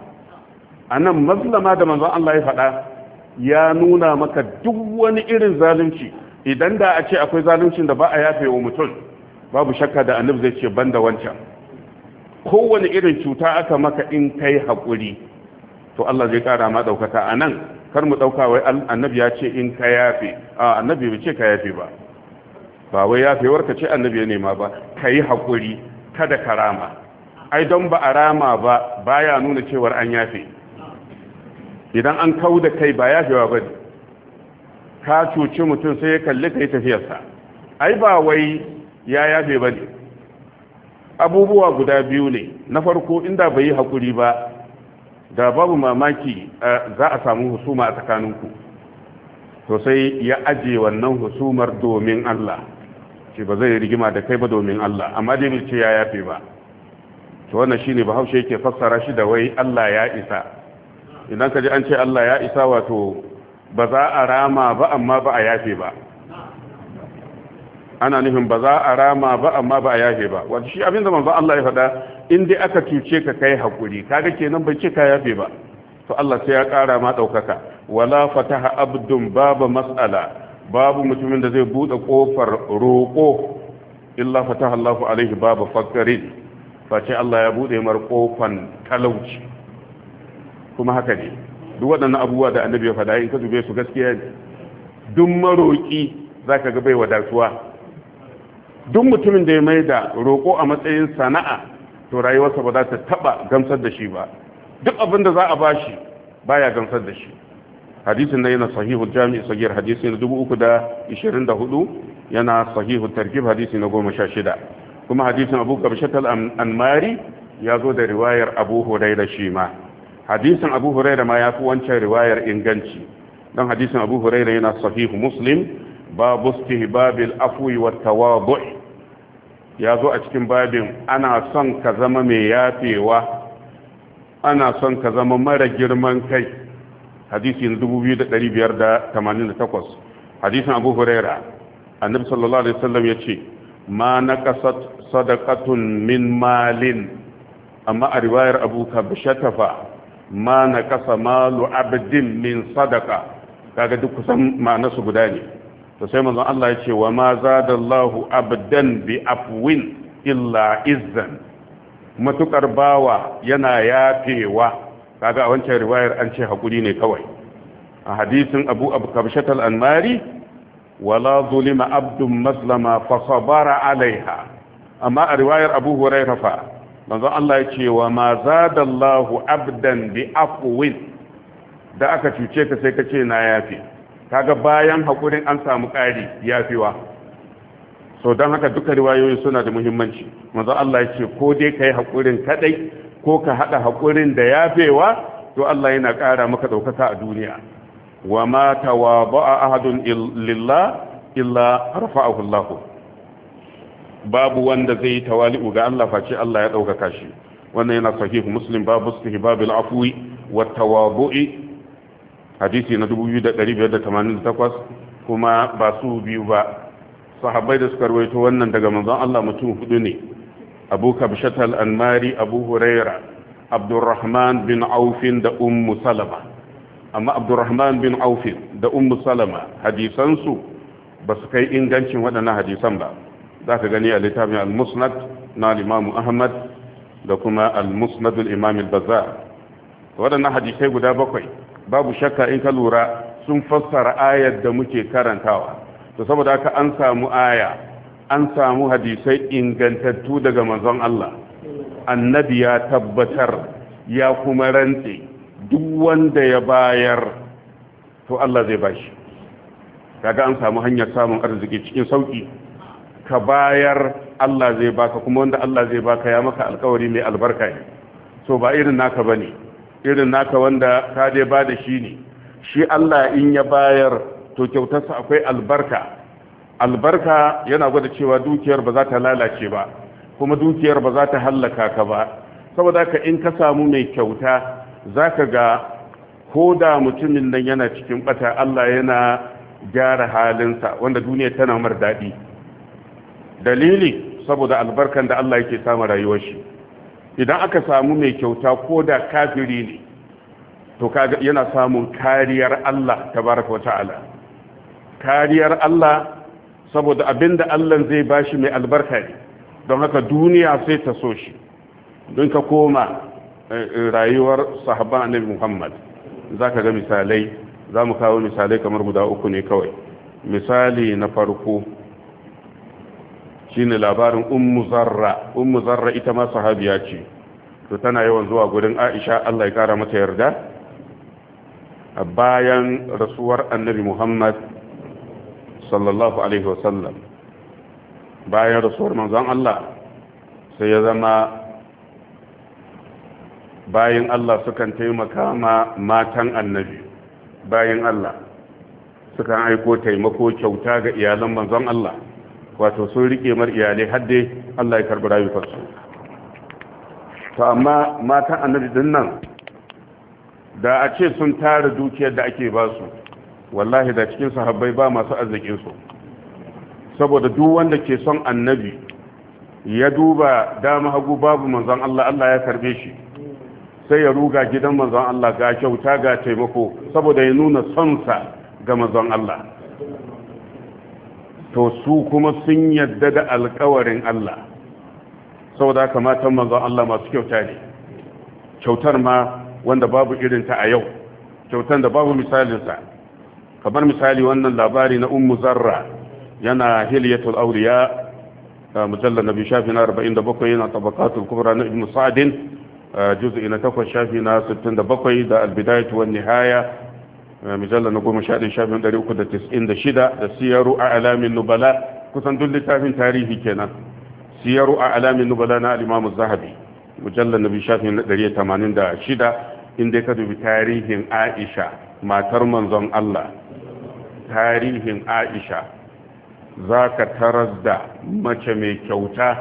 anan mazlama da manzon Allah ya faɗa ya nuna maka duk wani irin zalunci idan da a ce akwai zaluncin da ba a yafe wa mutum babu shakka da annabi zai ce banda wancan kowane irin cuta aka maka in kai haƙuri to Allah zai ƙara ma ɗaukata. a nan kar mu ɗauka wai annabi ya ce in ka yafe a annabi bai ce ka yafe ba ba wai yafewar ka ce annabi ya nema ba ka yi haƙuri kada ka rama ai don ba a rama ba baya nuna cewar an yafe idan an kau da kai ba yafewa ba ka cuci mutum sai ya kalli kai tafiyarsa ai ba wai ya yafe ba ne abubuwa guda biyu ne na farko inda bai yi haƙuri ba da babu mamaki eh, za a samu husuma a tsakaninku to ya aje wannan husumar domin Allah ce ba zai rigima da kai ba domin Allah amma dai ce ya yafe ba to wannan shine bahaushe yake fassara shi da wai Allah ya isa idan ka ji an ce Allah ya isa wato ba za a rama ba amma ba a yafe ba ana nufin ba za a rama ba amma ba a yafe ba wato shi abin da manzo Allah ya faɗa in dai aka cuce ka kai hakuri kaga kenan ban ce ka yafe ba to Allah sai ya ƙara ma ɗaukaka wala fataha abdun baba mas'ala babu mutumin da zai buɗe ƙofar roƙo illa fataha Allahu alaihi babu fakarin face Allah ya buɗe mar kofan talauci kuma haka ne duk waɗannan abubuwa da annabi ya faɗa in ka dube su gaskiya ne duk maroƙi zaka ga bai wadatuwa duk mutumin da ya mai da roƙo a matsayin sana'a to rayuwarsa ba za ta taɓa gamsar da shi ba duk abin da za a bashi baya gamsar da shi hadisin na yana sahihu jami'i sagir hadisi na 324 yana sahihu tarkib hadisi na 16 kuma hadisin abu kabshatal anmari ya zo da riwayar abu huraira shi ma hadisin abu huraira ma ya fi wancan riwayar inganci don hadisin abu huraira yana sahihu muslim babu istihbabil afwi wat tawadu ya zo a cikin babin ana son ka zama mai yafewa ana son ka zama mara girman kai hadisi na 2588 hadisin abu huraira annabi sallallahu alaihi wasallam ya ce ma naqasat sadaqatun min malin amma a riwayar abu kabshatafa ma naqasa malu abdin min sadaqa kaga duk kusan ma'anarsu guda ne to sai manzon Allah ya ce wa ma zadallahu abdan bi afwin illa izzan matukar bawa yana yafewa kaga a wancan riwayar an ce hakuri ne kawai a hadisin abu abu kabshatal anmari wala zulima abdun maslama fa sabara alaiha amma a riwayar abu hurairah fa manzon Allah ya ce wa ma zadallahu abdan bi afwin da aka cuce ka sai ka ce na yafi kaga bayan hakurin an samu ƙari yafiwa so don haka duka riwayoyi suna da muhimmanci manzon Allah ya ce ko dai kai hakurin kadai ko ka haɗa haƙurin da yafewa to Allah yana ƙara maka ɗaukaka a duniya wa ma a ahadun lilla illa rafa'ahu babu wanda zai yi tawali'u ga Allah face Allah ya ɗaukaka shi wannan yana sahihu muslim babu istihbabil afwi wa tawabu'i hadisi na 2588 kuma ba su biyu ba sahabbai da suka rawaito wannan daga manzon Allah mutum hudu ne abu kabshat al'almari abu huraira abdurrahman bin aufin da ummu salama amma abdurrahman bin aufin da ummu salama hadisansu ba su kai ingancin waɗannan hadisan ba za ka gani a littafin al-musnad na limamu ahmad da kuma al-musnad imam al waɗannan hadisai guda bakwai babu shakka in ka lura sun fassara ayar da muke karantawa to saboda haka an samu aya an samu hadisai ingantattu daga manzon Allah annabi ya tabbatar ya kuma rantse duk wanda ya bayar to Allah zai bashi kaga an samu hanyar samun arziki cikin sauki ka bayar Allah zai baka kuma wanda Allah zai baka ya maka alkawari mai albarka ne so ba irin naka bane irin naka wanda ka dai bada da shi ne shi Allah in ya bayar to kyautarsa akwai albarka albarka yana gwada cewa dukiyar ba za ta lalace ba kuma dukiyar ba za ta hallaka ka ba saboda ka in ka samu mai kyauta za ka ga ko da mutumin nan yana cikin bata Allah yana gyara halinsa wanda duniya tana mar daɗi dalili saboda albarkan da Allah yake samu rayuwar shi idan aka samu mai kyauta ko da kafiri ne to yana samun kariyar Allah tabaraka wa ta'ala kariyar Allah saboda abin da Allah zai bashi mai albarka ne don haka duniya sai ta so shi don ka koma eh, eh, rayuwar sahabban annabi Muhammad za ka ga misalai za mu kawo misalai kamar guda uku ne kawai misali na farko shine labarin ummu zarra ummu zarra ita ma sahabiya ce to tana yawan zuwa gurin Aisha Allah ya kara mata yarda a bayan rasuwar annabi Muhammad sallallahu alaihi wasallam bayan rasuwar manzon Allah sai ya zama bayan Allah sukan taimaka ma matan annabi bayan Allah sukan aiko taimako kyauta ga iyalan manzon Allah wato sun rike mar iyalai hadde Allah ya karbi rayukansu to amma matan annabi din nan da a ce sun tara dukiyar da ake ba su wallahi da cikin sahabbai ba masu arzikinsu saboda duk wanda ke son annabi ya duba dama hagu babu manzon Allah Allah ya karbe shi sai ya ruga gidan manzon Allah ga kyauta ga taimako saboda ya nuna son sa ga manzon Allah to su kuma sun yadda da alkawarin Allah saboda kamata manzon Allah masu kyauta ne kyautar ma wanda babu irinta a yau kyautar da babu misalinsa kamar misali wannan labari na ummu zarra yana hilyatul awliya mujallal nabi shafi na 47 yana tabaqatul kubra na ibn sa'din juz'i na 8 shafi na 67 da al-bidayatu wan nihaya mujallal na 10 shafi na 396 da siyaru a'lamin nubala kusan duk littafin tarihi kenan siyaru a'lamin nubala na al-imam az-zahabi mujallal nabi shafi na 186 inda ka dubi tarihin Aisha matar manzon Allah tarihin aisha za ka tarar da mace mai kyauta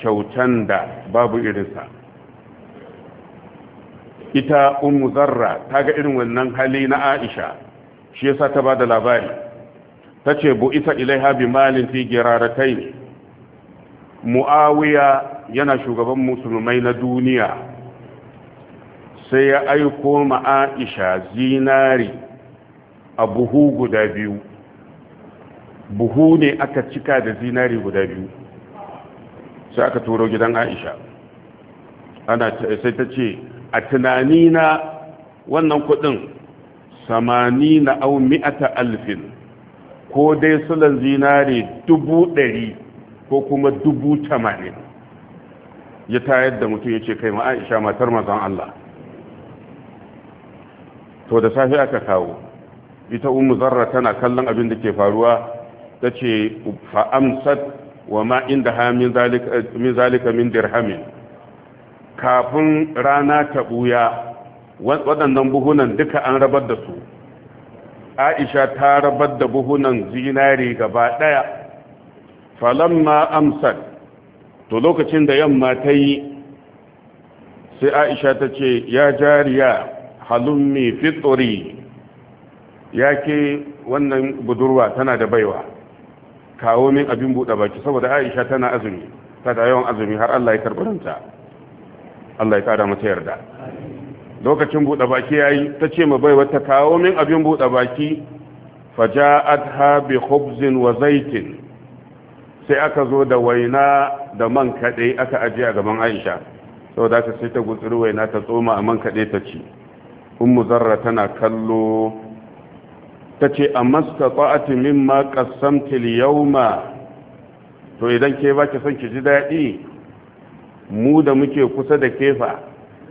kyautan da babu irinsa ita umu zarra ta ga irin wannan hali na aisha shi yasa ta ba da labari ta ce bu isa ilaiha bi malin fi giraratai ne mu'awiya yana shugaban musulmai na duniya sai ya aiko ma aisha zinari a buhu guda biyu buhu ne aka cika da zinari guda biyu sai aka turo gidan aisha ana sai ta ce a tunani na wannan kudin samani na au mi'ata alfin ko dai sulan zinari dubu ɗari ko kuma dubu tamanin ya tayar da mutum ya ce kai ma aisha matar mazan Allah to da safe aka kawo ita ummu zarra tana kallon abin da ke faruwa ta ce fa'amsat wa ma inda min zalika min dirhamin kafin rana ta ɓuya waɗannan buhunan duka an rabar da su aisha ta rabar da buhunan zinari gaba ɗaya falamma amsat to lokacin da yamma ta yi sai aisha ta ce ya jariya halummi fitori ya ke wannan budurwa tana da baiwa kawo min abin buɗe baki saboda aisha tana azumi da yawan azumi har allah ya karbaranta allah ya kara mata yarda lokacin buɗe baki ya yi ta ce ma baiwa ta kawo min abin buɗe baki faja'atha bi khubzin wa zaitin sai aka zo da waina da man kaɗe aka ajiye a gaban aisha saboda aka sai ta gutsuri waina ta tsoma a man kaɗe ta ci ummu zarra tana kallo ta ce a min ma qasamti al to idan ke ba ki son ki ji daɗi mu da muke kusa da kefa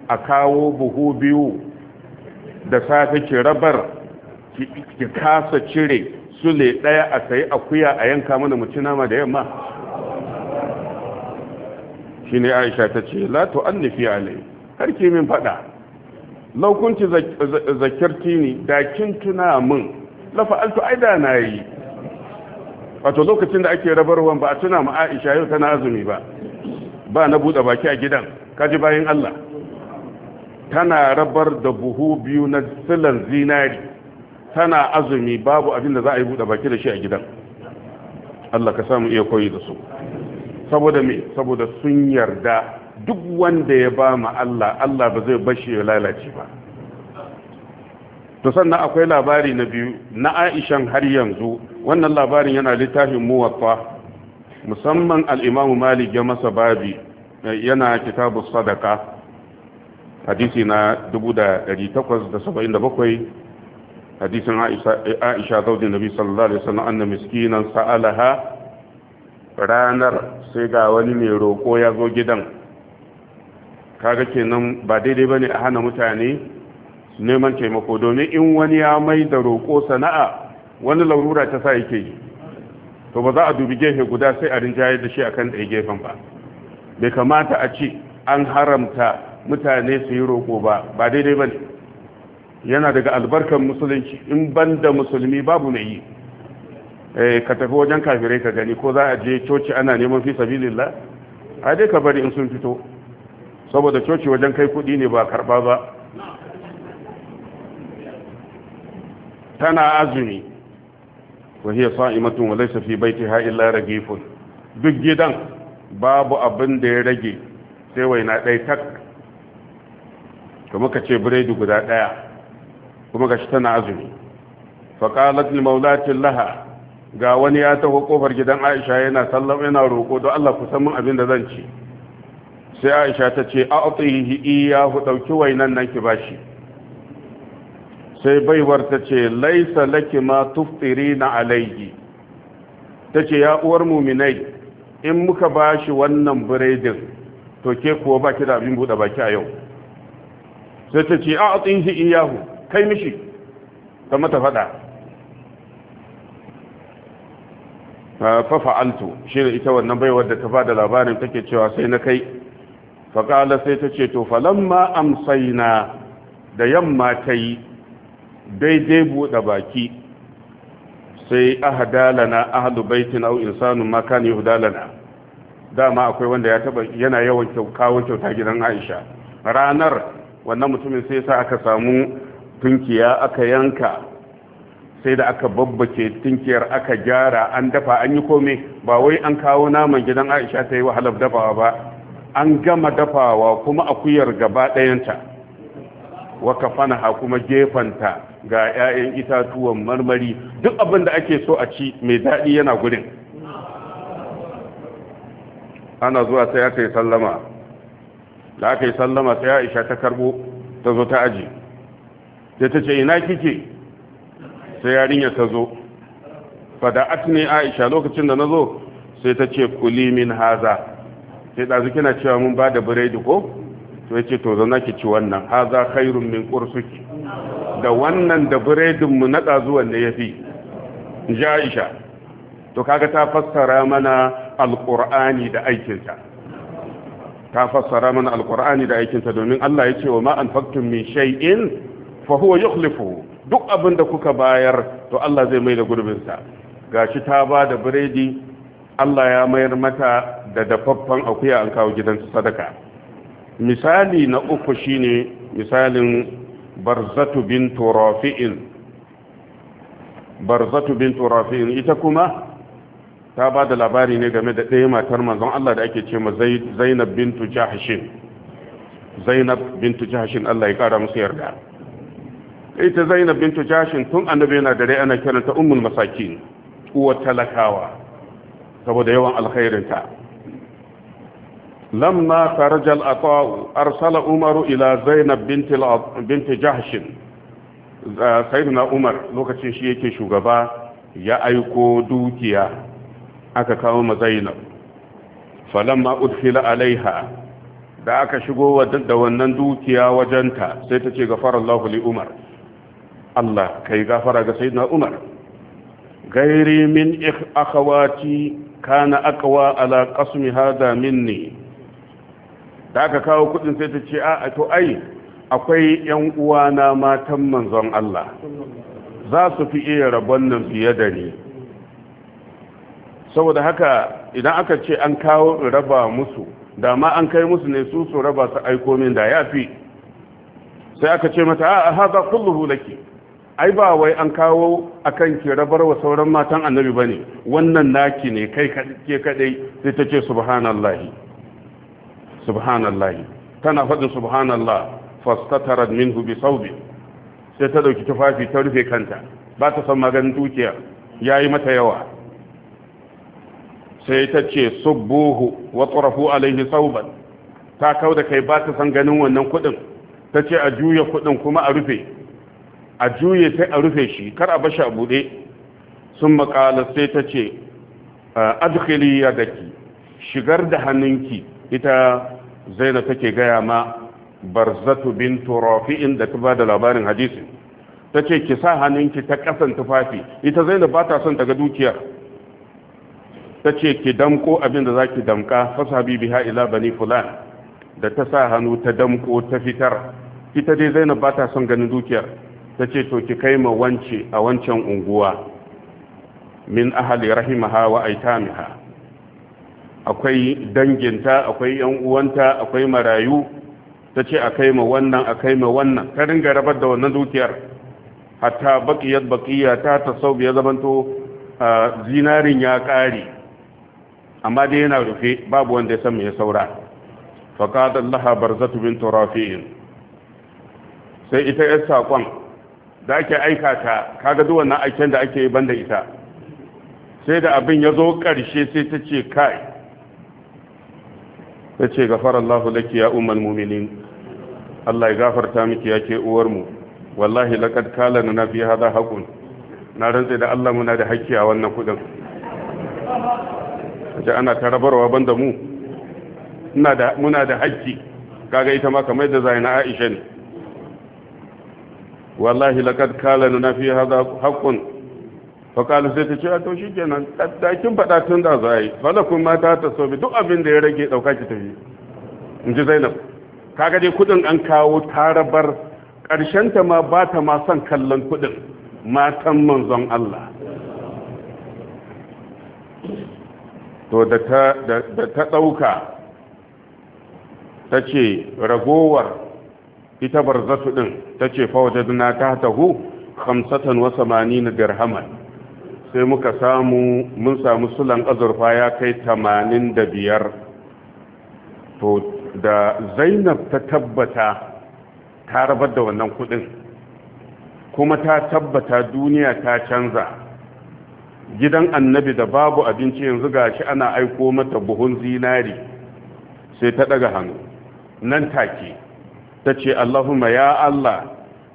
a kawo buhu biyu da safe ki rabar ki kasa cire sule ɗaya a sayi akuya a yanka mana mu ci nama da yamma shine Aisha ta ce la to annifi alai karki min fada laukunci zakirti da kin tuna min la fa'altu aida na yi wato lokacin da ake rabarwan ba a tuna ma Aisha yau tana azumi ba ba na bude baki a gidan kaji bayan Allah tana rabar da buhu biyu na silan zinari tana azumi babu abin da za a yi bude baki da shi a gidan Allah ka samu iya koyi da su saboda me saboda sun yarda duk wanda ya ba ma Allah Allah ba zai bashi ya lalace ba to sannan akwai labari na biyu na aishan har yanzu wannan labarin yana littafin muwaffa musamman al'imamu malik ya masa babi eh, yana kitabu sadaka hadisi na 1877 hadisin aisha eh, zaudin nabi sallallahu alaihi wasallam anna miskinan sa'alaha ranar sai ga wani mai roƙo ya zo gidan kaga kenan ba daidai bane a hana mutane neman taimako domin in wani ya mai da roƙo sana'a wani laurura ta sa yake yi to ba za a dubi gefe guda sai a rinjaye da shi akan ɗaya gefen ba bai kamata a ci an haramta mutane su yi roƙo ba ba daidai ba ne yana daga albarkar musulunci in ban da musulmi babu mai yi eh, ka tafi wajen kafirai ka gani ko za a je coci ana neman fi sabilillah a dai ka bari in sun fito saboda coci wajen kai kuɗi ne ba karɓa ba tana azumi wa hiya sa'imatun wa laysa fi baitiha illa ragifun duk gidan babu abin da ya rage sai waina dai tak kuma ka ce biredi guda ɗaya kuma ga tana azumi li mawlati laha ga wani ya taho ƙofar gidan aisha yana sallama yana roƙo don allah ku san min abin da zan ci sai aisha ta ce a'tihi iyahu dauki wainan nan ki bashi sai baiwar ta ce laisa laki ma tufiri na alaihi ta ce ya uwar muminai in muka ba shi wannan biredin to ke kuwa ba ki da abin buɗe baki a yau sai ta ce a in iyahu kai mishi ta mata faɗa fafa'altu shi ne ita wannan baiwar da ta ba da labarin take cewa sai na kai faƙala sai ta ce to falon amsai na da yamma ta yi daidai buɗe baki sai ahadalana ahlu baitin au insanu ma kan yuhdalana dama akwai wanda ya taba yana yawan kawo kyauta gidan Aisha ranar wannan mutumin sai sa aka samu tunkiya aka yanka sai da aka babbake tunkiyar aka gyara an dafa an yi kome ba wai an kawo naman gidan Aisha ta yi wahalar dafawa ba an gama dafawa kuma akuyar gaba ɗayanta wa ha kuma gefanta ga 'ya'yan itatuwan marmari duk abin da ake so a ci mai daɗi yana gudun. ana zuwa sai aka yi sallama da aka yi sallama sai aisha ta karbo ta zo ta aji sai ta ce ina kike sai yarinya ta zo fada'at ne aisha lokacin da na zo sai ta ce kuli min haza sai ɗazu kina cewa mun ba da biredi ko sai ce to zana ki ci wannan haza khairun min kursuki da wannan da biredinmu na zuwa da ya fi ja'isha to kaga ta fassara mana alƙur'ani da aikinta ta fassara mana alƙur'ani da aikinta domin Allah ya ce wa ma'an faktun min shay'in fa huwa yukhlifu duk abin da kuka bayar to Allah zai mai da gurbinsa gashi ta ba da biredi Allah ya mayar mata da dafaffan akuya an kawo gidansu sadaka misali na uku shine misalin barzatu bintu rafi'in barzatu bintu rafi'in ita kuma ta ba da labari ne game da ɗaya matar manzon Allah da ake ce ma Zainab bintu Jahshin Zainab bintu Jahshin Allah ya kara musu yarda ita Zainab bintu Jahshin tun annabi yana da ana kiranta ummul masakin uwar talakawa saboda yawan alkhairinta lamma kharaja al-ata'u arsala umaru ila zainab bint bint jahsh sayyidina lokacin shi yake shugaba ya aiko dukiya aka kawo ma zainab falamma udkhila alaiha da aka shigo da wannan dukiya wajenta sai ta ce gafarallahu li umar Allah kai gafara ga sayyidina umar gairi min akhawati kana aqwa ala qasmi hada ne. da aka kawo kudin sai ta ce a to ai akwai yan uwana matan manzon Allah za su fi iya rabon nan fiye da ni saboda haka idan aka ce an kawo raba musu da ma an kai musu ne su su raba su aiko min da ya fi sai aka ce mata a haza kulluhu laki ai ba wai an kawo akan ki rabar wa sauran matan annabi bane wannan naki ne kai ke kadai sai ta ce subhanallahi subhanallahi tana faɗin subhanallah fastatarat minhu bi saubi sai ta dauki tufafi ta rufe kanta ba ta san maganin dukiya yayi mata yawa sai ta ce subbuhu wa tarafu alaihi sauban ta kau da kai ba ta san ganin wannan kudin ta ce a juya kudin kuma a rufe a juye sai a rufe shi kar a bashi a bude sun makala sai ta ce adkhili yadaki shigar da hannunki ita zainab take gaya ma barzatu bintu rafi'in da ta bada labarin hadisi tace ki sa hannunki ta kasan tufafi ita zainab ba ta son ta ga dukiyar tace ki damko abin da zaki damka fasabi biha ila bani fulan da ta sa hannu ta damko ta fitar ita dai zainab ba ta son ganin dukiyar tace to ki kai ma wance a wancan unguwa min ahali rahimaha wa aitamiha akwai danginta akwai yan uwanta akwai marayu ta ce a kai ma wannan a kai ma wannan ta ringa rabar da wannan dukiyar hatta bakiyar bakiya ta tasau ya zamanto zinarin ya ƙare amma dai yana rufe babu wanda ya san me ya saura faƙad Allah barzatu bin turafi'in sai ita ya saƙon da ake aika ta kaga duk wannan aiken da ake yi banda ita sai da abin ya zo ƙarshe sai ta ce kai ya ce Allah laki ya umar muminin Allah ya gafarta miki yake uwarmu wallahi laqad kala na fi hada haqqun na rantse da Allah muna da hakki a wannan kudin kaje ana ta banda mu ina da muna da hakki kaga ita ma kamar da zaina Aisha ne wallahi laqad kala na fi hada haqqun fakalu sai ta ce a taushi kenan ɗakin faɗa tun da za a yi falakun mata ta so duk abin da ya rage ɗauka ki tafi in ji zainab kaga dai kuɗin an kawo tarabar ta ma ba ta ma son kallon kuɗin matan manzon Allah to da ta ɗauka ta ce ragowar ita barzatu din ta ce fawajaduna ta tahu 85 dirhaman sai muka samu mun samu sulan azurfa ya kai tamanin da biyar to da zainab ta tabbata ta rabar da wannan kudin kuma ta tabbata duniya ta canza gidan annabi da babu abinci yanzu gashi ana aiko mata buhun zinari sai ta daga hannu nan take ta ce allahumma ya allah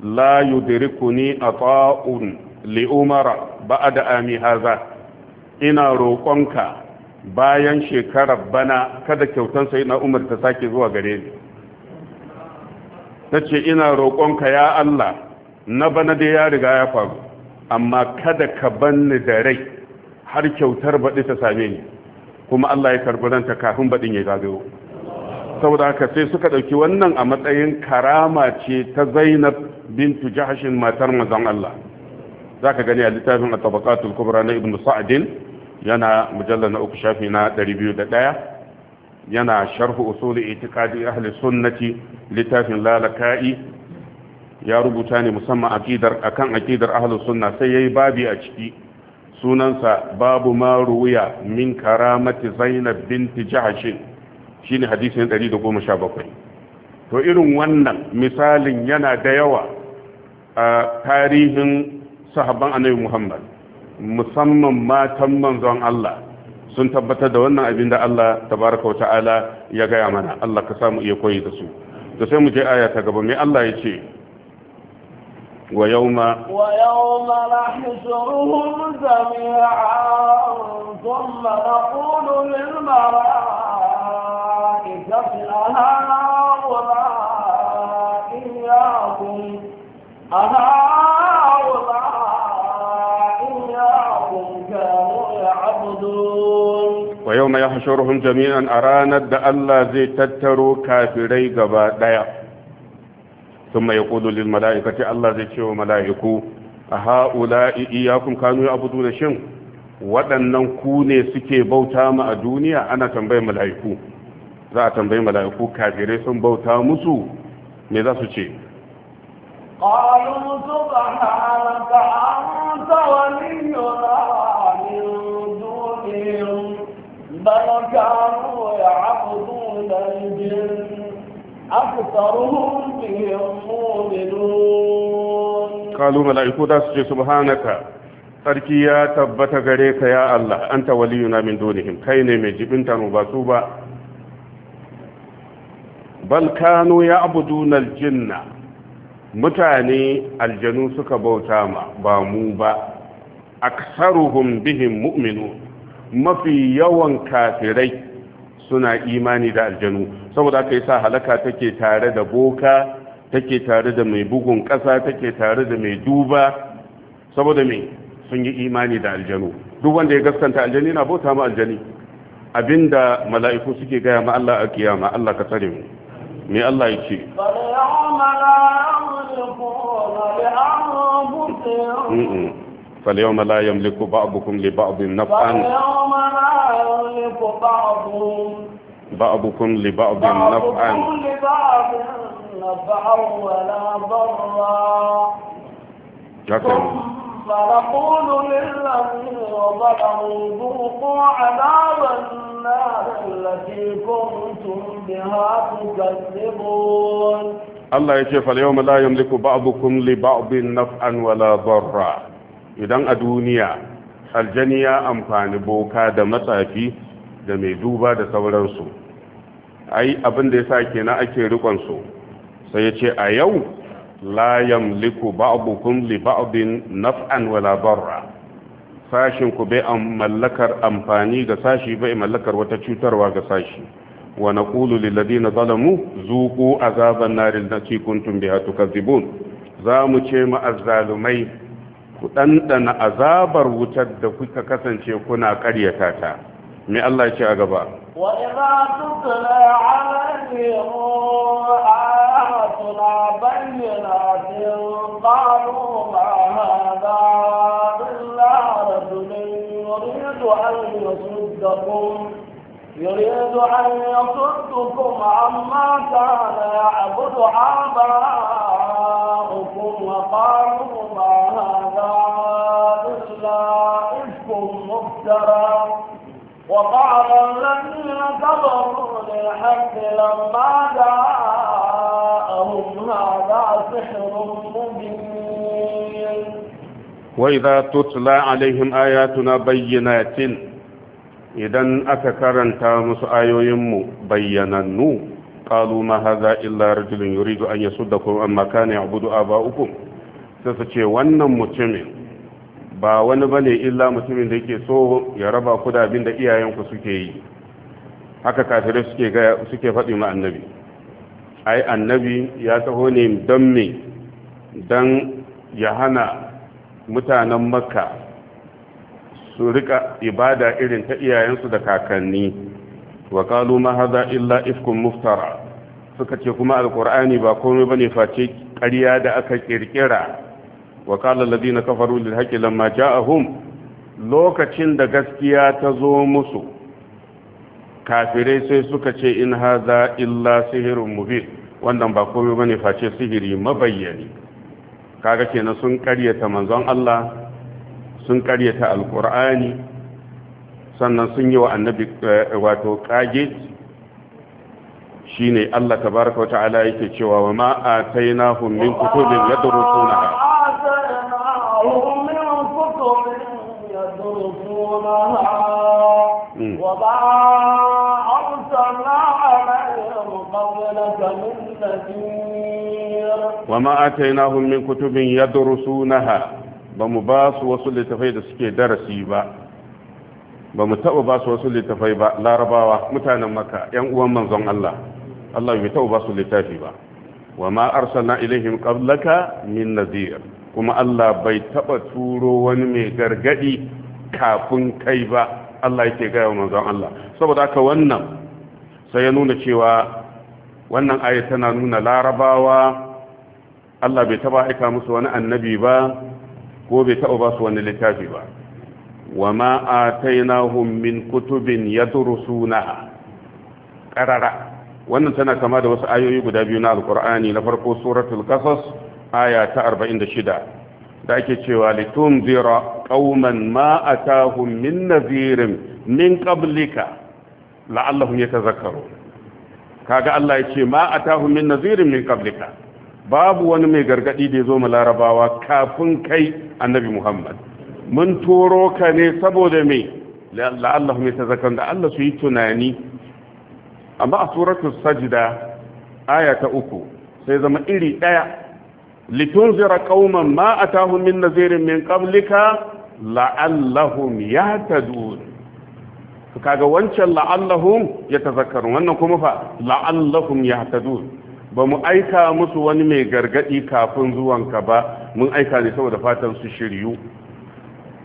la yudrikuni ata'un li umara da ami haza ina roƙonka bayan shekarar bana kada kyautan sayyidina Umar ta sake zuwa gare ni Ta ce ina roƙonka ya Allah na bana da ya riga ya faru amma kada ka banni da rai har kyautar baɗi ta same ni kuma Allah ya karɓi kafin baɗin ya zagayo saboda haka sai suka ɗauki wannan a matsayin karama ce ta zainab bintu jahashin matar mazan Allah za ka gani a littafin a tabbatul kubra na ibn sa'adin yana mujallar na uku shafi na 201 yana sharhu usuli itikadi ahli sunnati littafin lalaka'i ya rubuta ne musamman akidar akan akidar ahli sunna sai yayi babi a ciki sunansa babu ma ruwiya min karamati zainab binti jahsh shine hadisin 117 to irin wannan misalin yana da yawa a tarihin sahabban annabi muhammad musamman matan manzon Allah sun tabbatar da wannan abin da Allah tabaraka wa ta'ala ya gaya mana Allah ka samu iya koyi da su to sai mu je aya ta gaba mai Allah ya ce ويوم ويوم نحشرهم جميعا ثم نقول للملائكة هؤلاء إياكم ثم يحشرهم جميعا أراند الذي تتروا كافري قبا ديا ثم يقول للملائكة الذي تشعوا ملائكو هؤلاء إياكم كانوا يعبدون شن وأنهم كوني سكي بوتام أدوني أنا تنبي ملائكو ذا تنبي ملائكو كافري ثم بوتامسو ماذا سوشي قالوا سبحانك أنت ولينا من دونهم بل كانوا يعبدون الجن أكثرهم بهم مؤمنون قالوا ملائكة سبحانك sarki ya tabbata gare ka ya Allah anta waliyuna min dunihim kai ne mai jibinta mu ba su ba bal kanu ya'buduna aljinna mutane aljanu suka bauta ma ba mu ba aksaruhum bihim mu'minun mafi yawan kafirai suna imani da aljanu saboda aka yi sa halaka take tare da boka take tare da mai bugun ƙasa take tare da mai duba saboda mai sun yi imani da aljanu duk wanda ya gaskanta aljani na bauta ma aljani abinda mala'iku suke gaya ma Allah a kiyama Allah ka tsare mu me Allah ya ce Mm-mm. فاليوم لا يملك بعضكم لبعض نفعا فاليوم لا يملك بعضكم بعضكم لبعض نفعا لبعض نفعا ولا ضرا ثم نقول للذين ظلموا ذوقوا عذاب النار التي كنتم بها تكذبون الله يشفى اليوم لا يملك بعضكم لبعض نفعا ولا ضرا idan a duniya aljani ya amfani boka da matsafi da mai duba da sauransu ai abin da ya sa kenan ake rikonsu sai ya ce a yau la yamliku ba'dukum li naf'an wala barra sashin ku bai mallakar amfani ga sashi bai mallakar wata cutarwa ga sashi wa naqulu lil ladina zalamu zuqu azaban na lati kuntum biha tukazibun za mu ce ma'azzalumai ku ɗanɗana azabar wutar da kuka kasance kuna ƙaryata ta me Allah ce a gaba وإذا قالوا ما هذا إلا رجل يريد أن يصدكم يريد أن يصدكم عما كان يعبد آباؤكم وقالوا ما هذا إلا إفك مفترى وقال الذين كفروا للحق لما جاءهم هذا سحر مبين وإذا تتلى عليهم آياتنا بينات idan aka karanta musu ayoyinmu bayyanannu qalu ma hadha illa rajulun yuridu an yasuddakum amma kana ya'budu aba'ukum sai su ce wannan mutumin ba wani bane illa mutumin da yake so ya raba ku da da iyayenku suke yi haka kafire suke ga suke faɗi ma annabi ai annabi ya taho ne don me don ya hana mutanen makka su rika ibada irin ta iyayensu da kakanni wa kalu ma hadha illa ifkun muftara suka ce kuma alqur'ani ba komai bane face ƙarya da aka kirkira wa qala alladhina kafaru lil haqqi lamma ja'ahum lokacin da gaskiya ta zo musu kafirai sai suka ce in haza illa sihirun mubin wannan ba komai bane face sihiri mabayyani kaga kenan sun karyata manzon Allah sun karyata alkur'ani sannan sun yi wa annabi eh, wato kage ne Allah baraka wa ta'ala yake cewa wa ma na min kutubin yadrusunaha وما Wa عليهم قبلك na نذير kutubin آتيناهم من كتب يدرسونها ba mu ba su wasu littafai da suke darasi ba ba mu taɓa ba su wasu littafai ba larabawa mutanen maka yan uwan manzon Allah Allah bai taɓa ba su littafi ba wa ma arsalna ilaihim qablaka min nadhir kuma Allah bai taɓa turo wani mai gargadi kafin kai ba Allah yake gaya wa manzon Allah saboda haka wannan sai ya nuna cewa wannan aya tana nuna larabawa Allah bai taɓa aika musu wani annabi ba ko bai taɓa ba su wani littafi ba wa ma atainahum min kutubin yadrusuna Karara. wannan tana kama da wasu ayoyi guda biyu na alkur'ani na farko suratul qasas aya ta 46 da ake cewa litunzira qauman ma atahum min nadhirin min qablika la'allahum yatazakkarun kaga Allah ya ce ma atahum min nadhirin min qablika babu wani mai gargadi da ya zo mu larabawa kafin kai annabi muhammad mun toro ka ne saboda mai la'allahu mai zakan da allah su yi tunani amma a suratul sajida aya ta uku sai zama iri ɗaya litunzira qauman ma atahum min nazirin min kablika la'allahum yahtadun kaga wancan la'allahum yatazakkarun wannan kuma fa la'allahum yahtadun ba mu aika musu wani mai gargadi kafin zuwanka ba mun aika ne saboda fatan su shiryu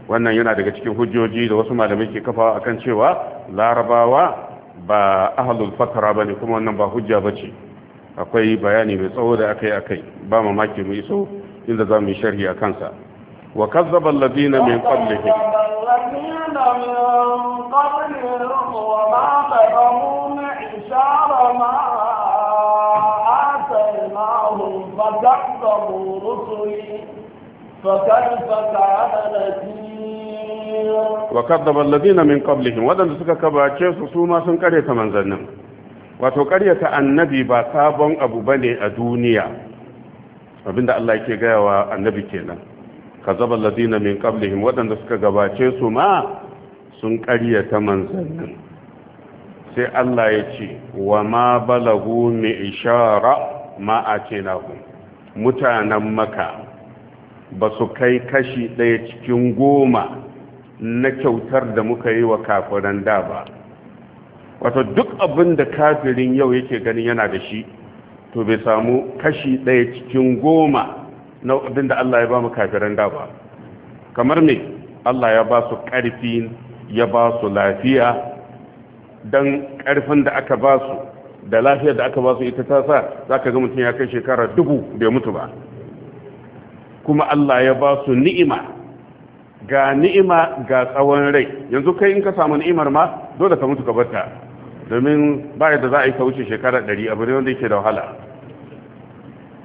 wannan yana daga cikin hujjoji da wasu malamai ke kafawa akan cewa larabawa ba ahlul fatara bane kuma wannan ba hujja bace akwai bayani mai tsawo da akai akai ba mamaki mu iso inda za mu yi sharhi a kansa wa kazzaba alladhina min qablihi wa ma معهم فكذبوا رسلي فكيف كان نذير وكذب الذين من قبلهم ودن سكا كباكي سوما سن قرية منزلنا wato ƙaryata annabi ba sabon abu ba ne a duniya abinda Allah ke gaya wa annabi kenan ka zaba lazina min qablihim waɗanda suka gabace su ma sun ƙaryata manzannin sai Allah ya ce wa ma balagu mai ishara ma a ce mutanen maka ba su kai kashi ɗaya cikin goma na kyautar da muka yi wa kafiran da ba wato duk abin da kafirin yau yake ganin yana da shi to bai samu kashi ɗaya cikin goma na abin da Allah ya ba mu kafiran da ba kamar me Allah ya ba su ƙarfi ya ba su lafiya don ƙarfin da aka ba su da lafiyar da aka ba su ita ta sa za ka ga mutum ya kai shekara dubu bai mutu ba kuma Allah ya ba su ni'ima ga ni'ima ga tsawon rai yanzu kai in ka samu ni'imar ma dole ka mutu ka barta domin ba yadda za a yi ka wuce shekara ɗari abu ne wanda yake da wahala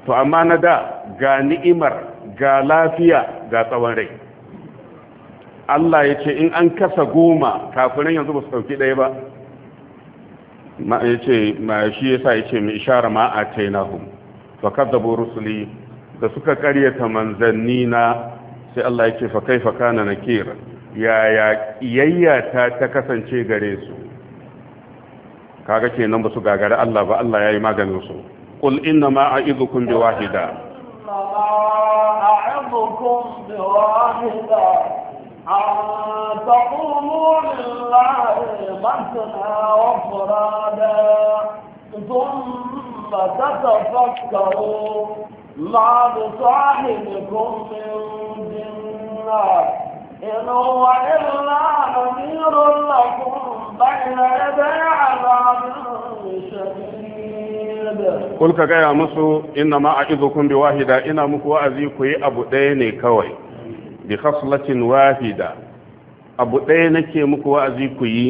to amma na da ga ni'imar ga lafiya ga tsawon rai Allah ya ce in an kasa goma kafinan yanzu ba su ɗauki ɗaya ba ya ce ma shi ya sa ya ce mai ishara ma a tainahum fa kadzabu rusuli da suka karyata manzanni na sai Allah ya ce fa kaifa kana nakir yaya yayya ta ta kasance gare su kaga kenan ba su gagara Allah ba Allah yi maganin su qul inna ma a'idukum bi wahida bi wahida تقوموا لله وفرا ثم تتفكروا مع بصاحبكم من جنة إن هو إلا نذير لكم بين يدي عذاب Kul ka gaya musu ina ma’a’izukun bi wahida ina muku wa’azi ku yi abu ɗaya ne kawai, bi haslacin wahida, abu ɗaya nake muku wa’azi ku yi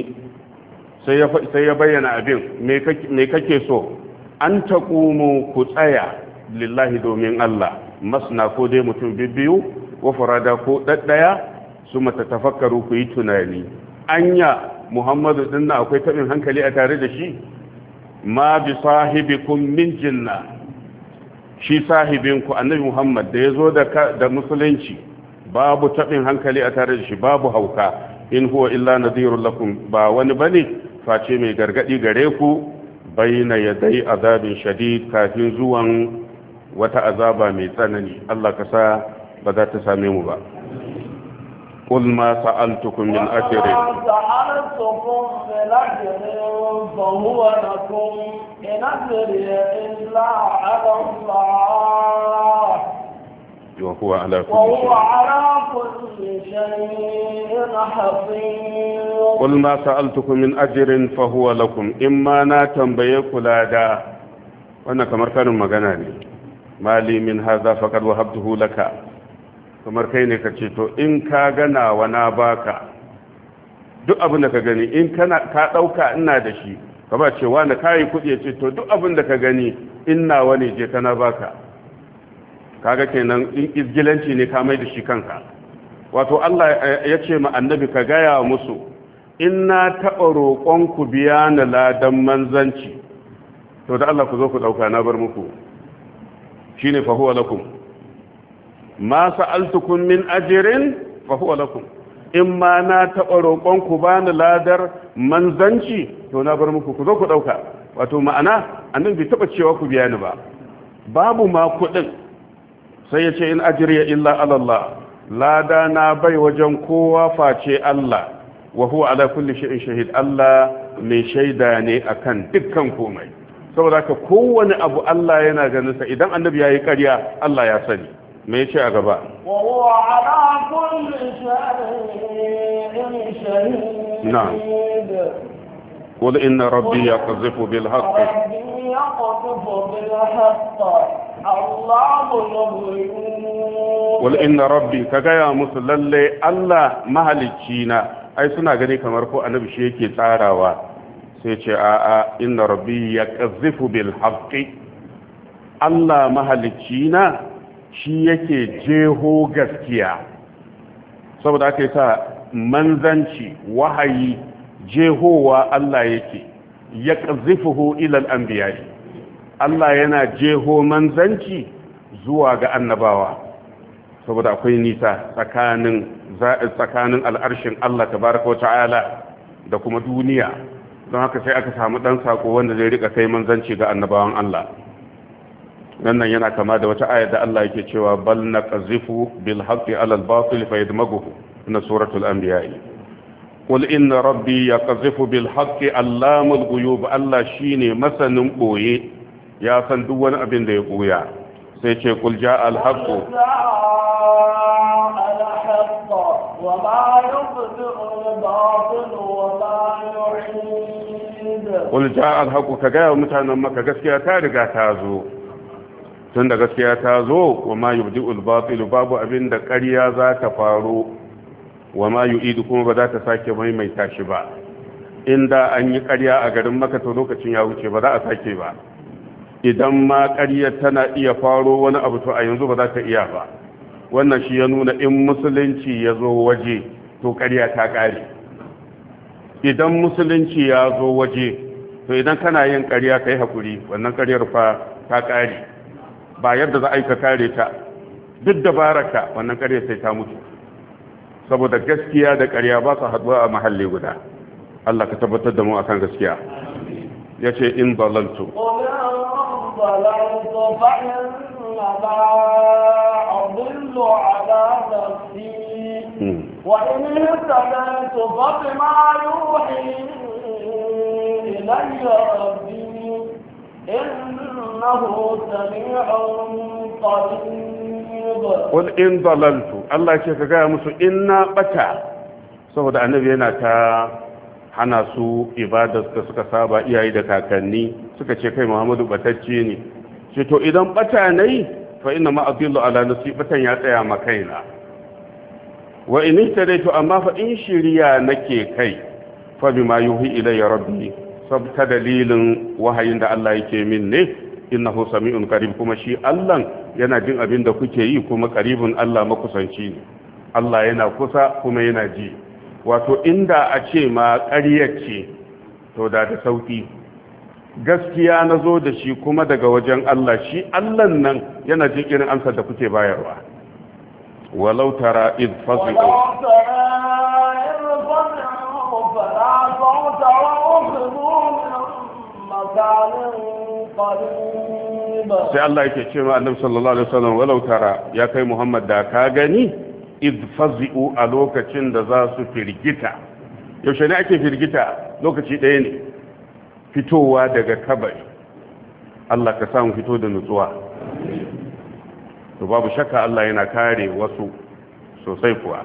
sai ya bayyana abin me kake so an taqumu ku tsaya lillahi domin Allah masna ko dai mutum bibbiyu wa farada ko daddaya su mata tafakkaru ku yi tunani anya muhammadu din na akwai tabin hankali a tare da shi ma bi sahibikum min jinna shi sahibinku annabi muhammad da ya zo da musulunci babu tabin hankali a tare da shi babu hauka in huwa illa nadhirul lakum ba wani bane face mai gargadi gare ku bayyana ya dai azabin shadid kafin zuwan wata azaba mai tsanani Allah ka sa ba za ta same mu ba قل ما سألتكم من أجر سألتكم من أجر فهو لكم إن أجري إلا على الله وهو على كل شيء حفيظ قل ما سألتكم من أجر فهو لكم إما ناتم بيك لا دا وأنا كما كان مغناني ما لي من هذا فقد وهبته لك kamar kai ne ka ce to in ka gana wa na baka duk abin da ka gani in ka ɗauka ina da shi ka ba cewa na kayi kuɗi ya ce to duk abin da ka gani in wani je kana baka kaga kenan in izgilanci ne ka mai da shi kanka wato Allah eh, ya ce ma annabi ka gaya musu in na taɓa roƙon ku biya na ladan manzanci to da Allah ku zo ku ɗauka na bar muku shi ne fahuwa lakum ma sa'altukun min ajirin fahuwa lakum in ma na taɓa roƙon ku ba na ladar manzanci to na bar muku ku zo ku ɗauka wato ma'ana annabi bai taɓa cewa ku biya ni ba babu ma kuɗin sai ya ce in ajriya illa ala lada na bai wajen kowa face Allah wa huwa ala kulli shay'in shahid Allah mai shaida ne akan dukkan komai saboda ka kowane abu Allah yana ganin sa idan annabi yayi ƙarya Allah ya sani me yace a gaba wa huwa ala kulli shay'in shahid na'am قل إن ربي يقذف بالحق يقذف بالحق الله قل إن ربي كجايا مسلل الله مهلكينا أي سنة غني كمركو أنا بشيكي تاراوا سيتي آآ إن ربي يقذف بالحق Allah mahalicci na shi yake jeho gaskiya saboda aka yi sa manzanci wahayi jehowa Allah yake ya ƙazifuhu ilal anbiya'i Allah yana jeho manzanci zuwa ga annabawa saboda akwai nisa tsakanin tsakanin al'arshin Allah baraka wa ta'ala da kuma duniya don haka sai aka samu ɗan sako wanda zai rika kai manzanci ga annabawan Allah nan yana kama da wata ayar da Allah yake cewa bal naqzifu bil haqqi alal al fa yadmaghu na suratul anbiya'i qul inna rabbi yaqzifu bil haqqi allamul ghuyub Allah shine masanin boye ya san duk wani abin da ya koya sai ce qul jaa al haqqu qul jaa al haqqu ka ga mutanen maka gaskiya ta riga ta zo tun da gaskiya ta zo wa ma babu ƙarya za ta faru wa ma yu'idu kuma ba za ta sake maimaita shi ba inda an yi ƙarya a garin maka to lokacin ya wuce ba za a sake ba idan ma ƙarya tana iya faro wani abu to a yanzu ba za ta iya ba wannan shi ya nuna in musulunci ya zo waje to ƙarya ta ƙare idan musulunci ya zo waje to idan kana yin ƙarya yi hakuri, wannan ƙaryar fa ta ƙare ba yadda za a yi ka kare ta duk da wannan ƙarya sai ta mutu saboda gaskiya da ƙarya ba su haɗuwa a mahalli guda Allah ka tabbatar da mu akan gaskiya ya ce in balantu وإن اهتديت فبما يوحي إلي ربي إنه سميع قريب قل إن ضللت الله يشهد كذا مسو إنا بتا saboda annabi yana ta hana su ibadar da suka saba iyaye da kakanni suka ce kai Muhammadu batacce ne ce to idan bata nayi fa inna ma adillu ala nafsi batan ya tsaya ma kaina wa in ihtadaitu amma fa in shiriya nake kai fa bima yuhi ilayya rabbi sab dalilin wahayin da Allah yake min ne innahu sami'un qarib kuma shi Allah yana jin abin da kuke yi kuma qaribun Allah makusanci ne Allah yana kusa kuma yana ji wato inda a ce ma ce, to da da sauki gaskiya na zo da shi kuma daga wajen Allah shi Allah nan yana jin irin amsar da kuke bayarwa walau tara id fazi'u فلا صوت وأخذوا من مكان قريب sai Allah yake ma annabi sallallahu alaihi wasallam walau tara ya kai Muhammad da ka gani id fazi'u a lokacin da za su firgita yaushe ne ake firgita lokaci ɗaya ne fitowa daga kabari Allah ka samu fito da nutsuwa to babu shakka Allah yana kare wasu sosai kuwa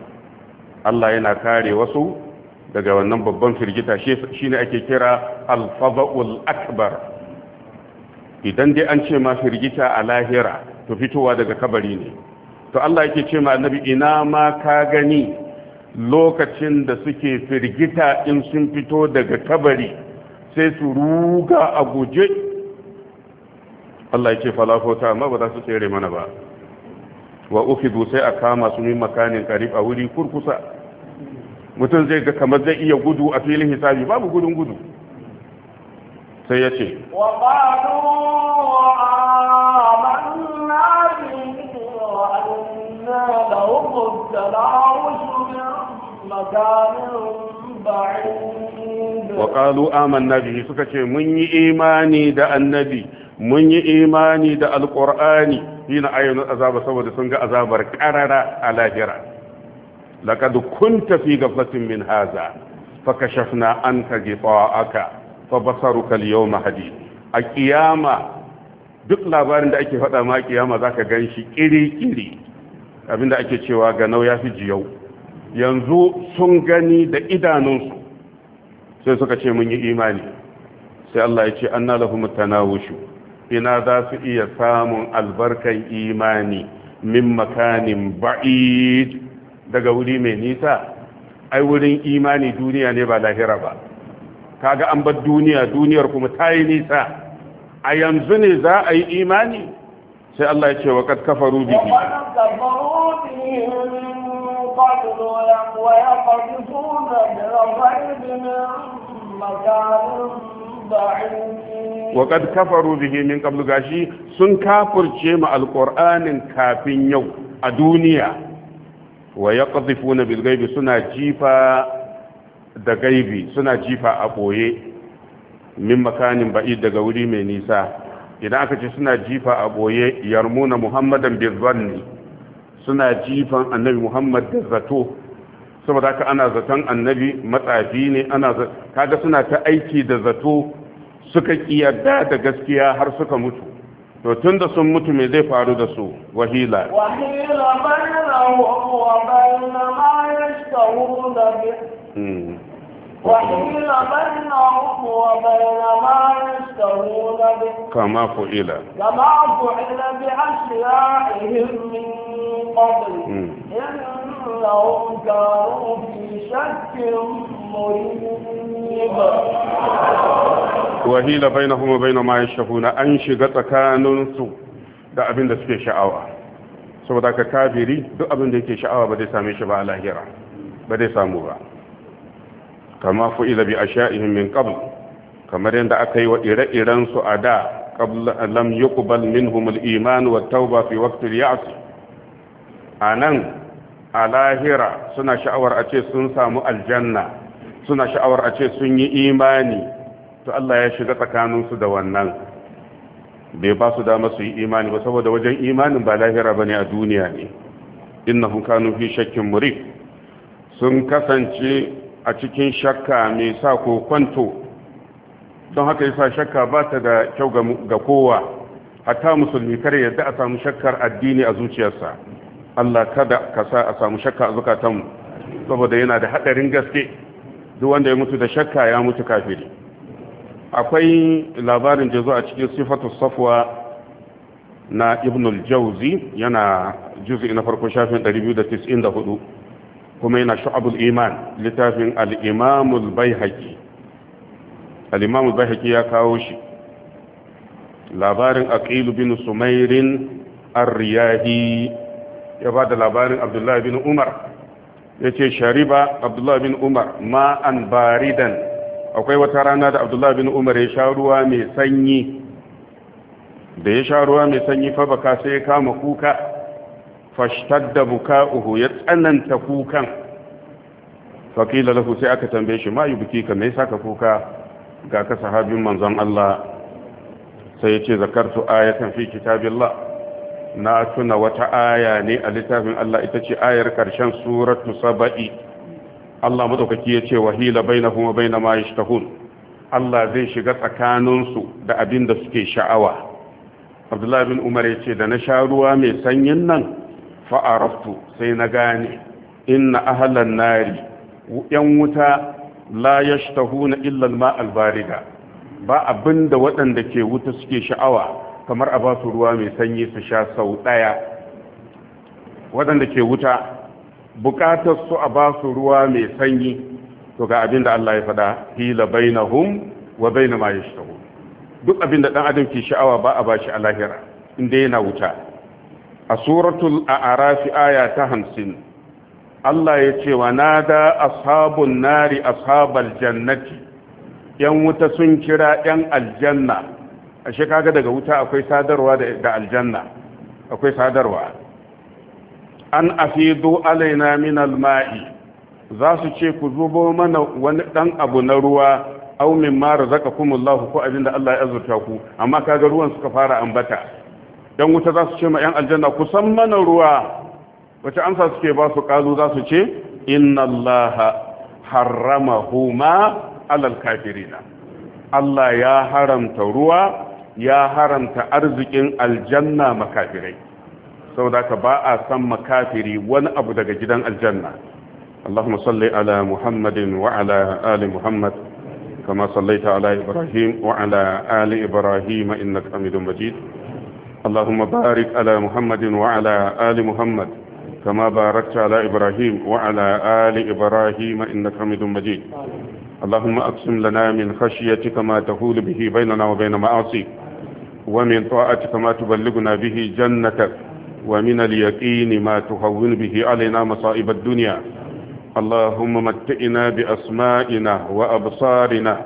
Allah yana kare wasu daga wannan babban firgita shi ne ake kira alfaza'ul akbar idan dai an ce ma firgita a lahira to fitowa daga kabari ne to Allah yake ce ma annabi ina ma ka gani lokacin da suke firgita in sun fito daga kabari sai su ruga a guje Allah yake falafota amma ba za su tsere mana ba wa ufidu sai a kama su min makanin karib a wuri kurkusa mutum zai ga kamar zai iya gudu a filin hisabi babu gudun gudu sai ya ce wa ƙalu amanna bihi suka ce mun yi imani da annabi mun yi imani da alƙur'ani yi na ayyana azaba saboda sun ga azabar ƙarara a lahira لقد كنت في غفلة من هذا فكشفنا anka غطاءك فبصرك اليوم حديد القيامة duk labarin da ake faɗa ma kiyama zaka ganshi kiri-kiri abinda ake cewa ga nau ya fi jiyau yanzu sun gani da idanunsu sai suka ce mun yi imani sai Allah ya ce anna lahum tanawushu ina za su iya samun albarkan imani min makanin ba'id daga wuri mai nisa ai wurin imani duniya ne ba lahira ba kaga an bar duniya duniyar kuma ta yi nisa a yanzu ne za a yi imani sai Allah ya ce wa kad kafaru bihi قبل ويقذفون بالغيب من مكان بعيد وقد كفروا به من قبل غاشي سن a duniya wa ƙazifu na bilgaibi suna jifa da gaibi suna jifa a ɓoye min makanin ba'i daga wuri mai nisa idan aka ce suna jifa a ɓoye yarmuna muhammadan birzan ne suna jifan annabi muhammad da zato saboda haka ana zaton annabi matsafi ne ana kaga suna ta aiki da zato suka kiyarda da gaskiya har suka mutu to tun da sun mutu me zai faru da su wahila wahila bainahum wa bain ma yashtahuna bi hmm. wahila bainahum bi min qabl hmm. أنهم كانوا في شك مريب وهيل بينهم وبين ما يشهون أن شغط كانوا da abin da suke sha'awa saboda ka kafiri duk abin da yake sha'awa ba zai same shi ba a lahira ba zai samu ba kama fu'ila bi asha'ihim min qabl kamar yadda aka yi wa ire-iren su a da lam yuqbal minhum al-iman wa tauba fi waqti al-ya'si anan a lahira suna sha'awar a ce sun samu aljanna suna sha'awar a ce sun yi imani to Allah ya shiga tsakaninsu da wannan bai ba su dama su yi imani ba saboda wajen imanin ba lahira bane a duniya ne innahum kanu fi shakkin murid sun kasance a cikin shakka mai sa ko kwanto don haka yasa shakka ba ta da kyau ga kowa hatta musulmi kare yadda a samu shakkar addini a zuciyarsa Allah kada ka sa a samu shakka a zukatanmu saboda yana da haɗarin gaske duk wanda ya mutu da shakka ya mutu kafiri akwai labarin da a cikin sifatu safwa na ibnul jauzi yana juzi na farko shafin 294 kuma yana shu'abul iman littafin al-imamul bayhaqi al-imamul bayhaqi ya kawo shi labarin aqil bin sumairin ar-riyahi ya ba da labarin abdullahi bin umar ya ce shariba abdullahi bin umar ma'an baridan akwai wata rana da abdullahi bin umar ya sha ruwa mai sanyi da ya sha ruwa mai sanyi fa baka sai ya kama kuka buka uhu ya tsananta kukan Fakila lahu sai aka tambaye shi ma yi buki ka mai saka kuka ga ka sahabin manzon Allah sai ya ce zakartu ayatan fi kitabillah na tuna wata aya ne a littafin Allah ita ce ayar ƙarshen suratu saba'i Allah matsaukaki ya ce wahila bainahum wa baina ma yashtahun Allah zai shiga tsakaninsu da abin da suke sha'awa Abdullahi bin Umar ya ce da na sha ruwa mai sanyin nan fa'araftu sai na gane inna ahlan nari yan wuta la yashtahuna illa al-ma'al barida ba abinda waɗanda ke wuta suke sha'awa kamar a ba su ruwa mai sanyi su sha sau ɗaya waɗanda ke wuta buƙatar su a ba su ruwa mai sanyi to ga abin da Allah ya faɗa hila bainahum wa baina ma yashtahu duk abin da ɗan adam ke sha'awa ba a bashi a lahira inda yana wuta a suratul a'raf aya ta hamsin. Allah ya ce wa nada ashabun nari ashabal jannati yan wuta sun kira yan aljanna ashe kaga daga wuta akwai sadarwa da aljanna akwai sadarwa an afidu alaina min alma'i za su ce ku zubo mana wani dan abu na ruwa aw mimma razaqakumullahu ko abinda Allah ya azurta ku amma kaga ruwan suka fara ambata dan wuta za su ce ma yan aljanna ku san mana ruwa wace amsa suke ba su kazu za su ce inna allaha harramahuma alal kafirina Allah ya haramta ruwa ya haramta arzikin aljanna makafirai saboda ka ba a san makafiri wani abu daga gidan aljanna Allahumma salli ala Muhammadin wa ala ali Muhammad kama sallaita ala Ibrahim wa ali Ibrahim innaka Hamidum Majid Allahumma barik ala Muhammadin wa ali Muhammad kama barakta ala Ibrahim wa ali Ibrahim innaka Hamidum Majid اللهم أقسم لنا من خشيتك ما تهول به بيننا وبين معاصيك ومن طاعتك ما تبلغنا به جنتك ومن اليقين ما تهون به علينا مصائب الدنيا اللهم متئنا بأسمائنا وأبصارنا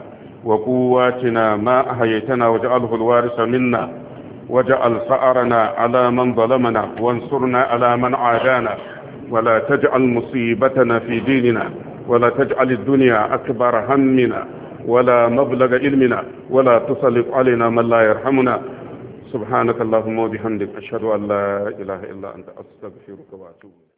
وقواتنا ما أهيتنا واجعله الوارث منا واجعل ثأرنا على من ظلمنا وانصرنا على من عادانا ولا تجعل مصيبتنا في ديننا ولا تجعل الدنيا أكبر همنا ولا مبلغ علمنا ولا تسلط علينا من لا يرحمنا سبحانك اللهم وبحمدك أشهد أن لا إله إلا أنت أستغفرك وأتوب إليك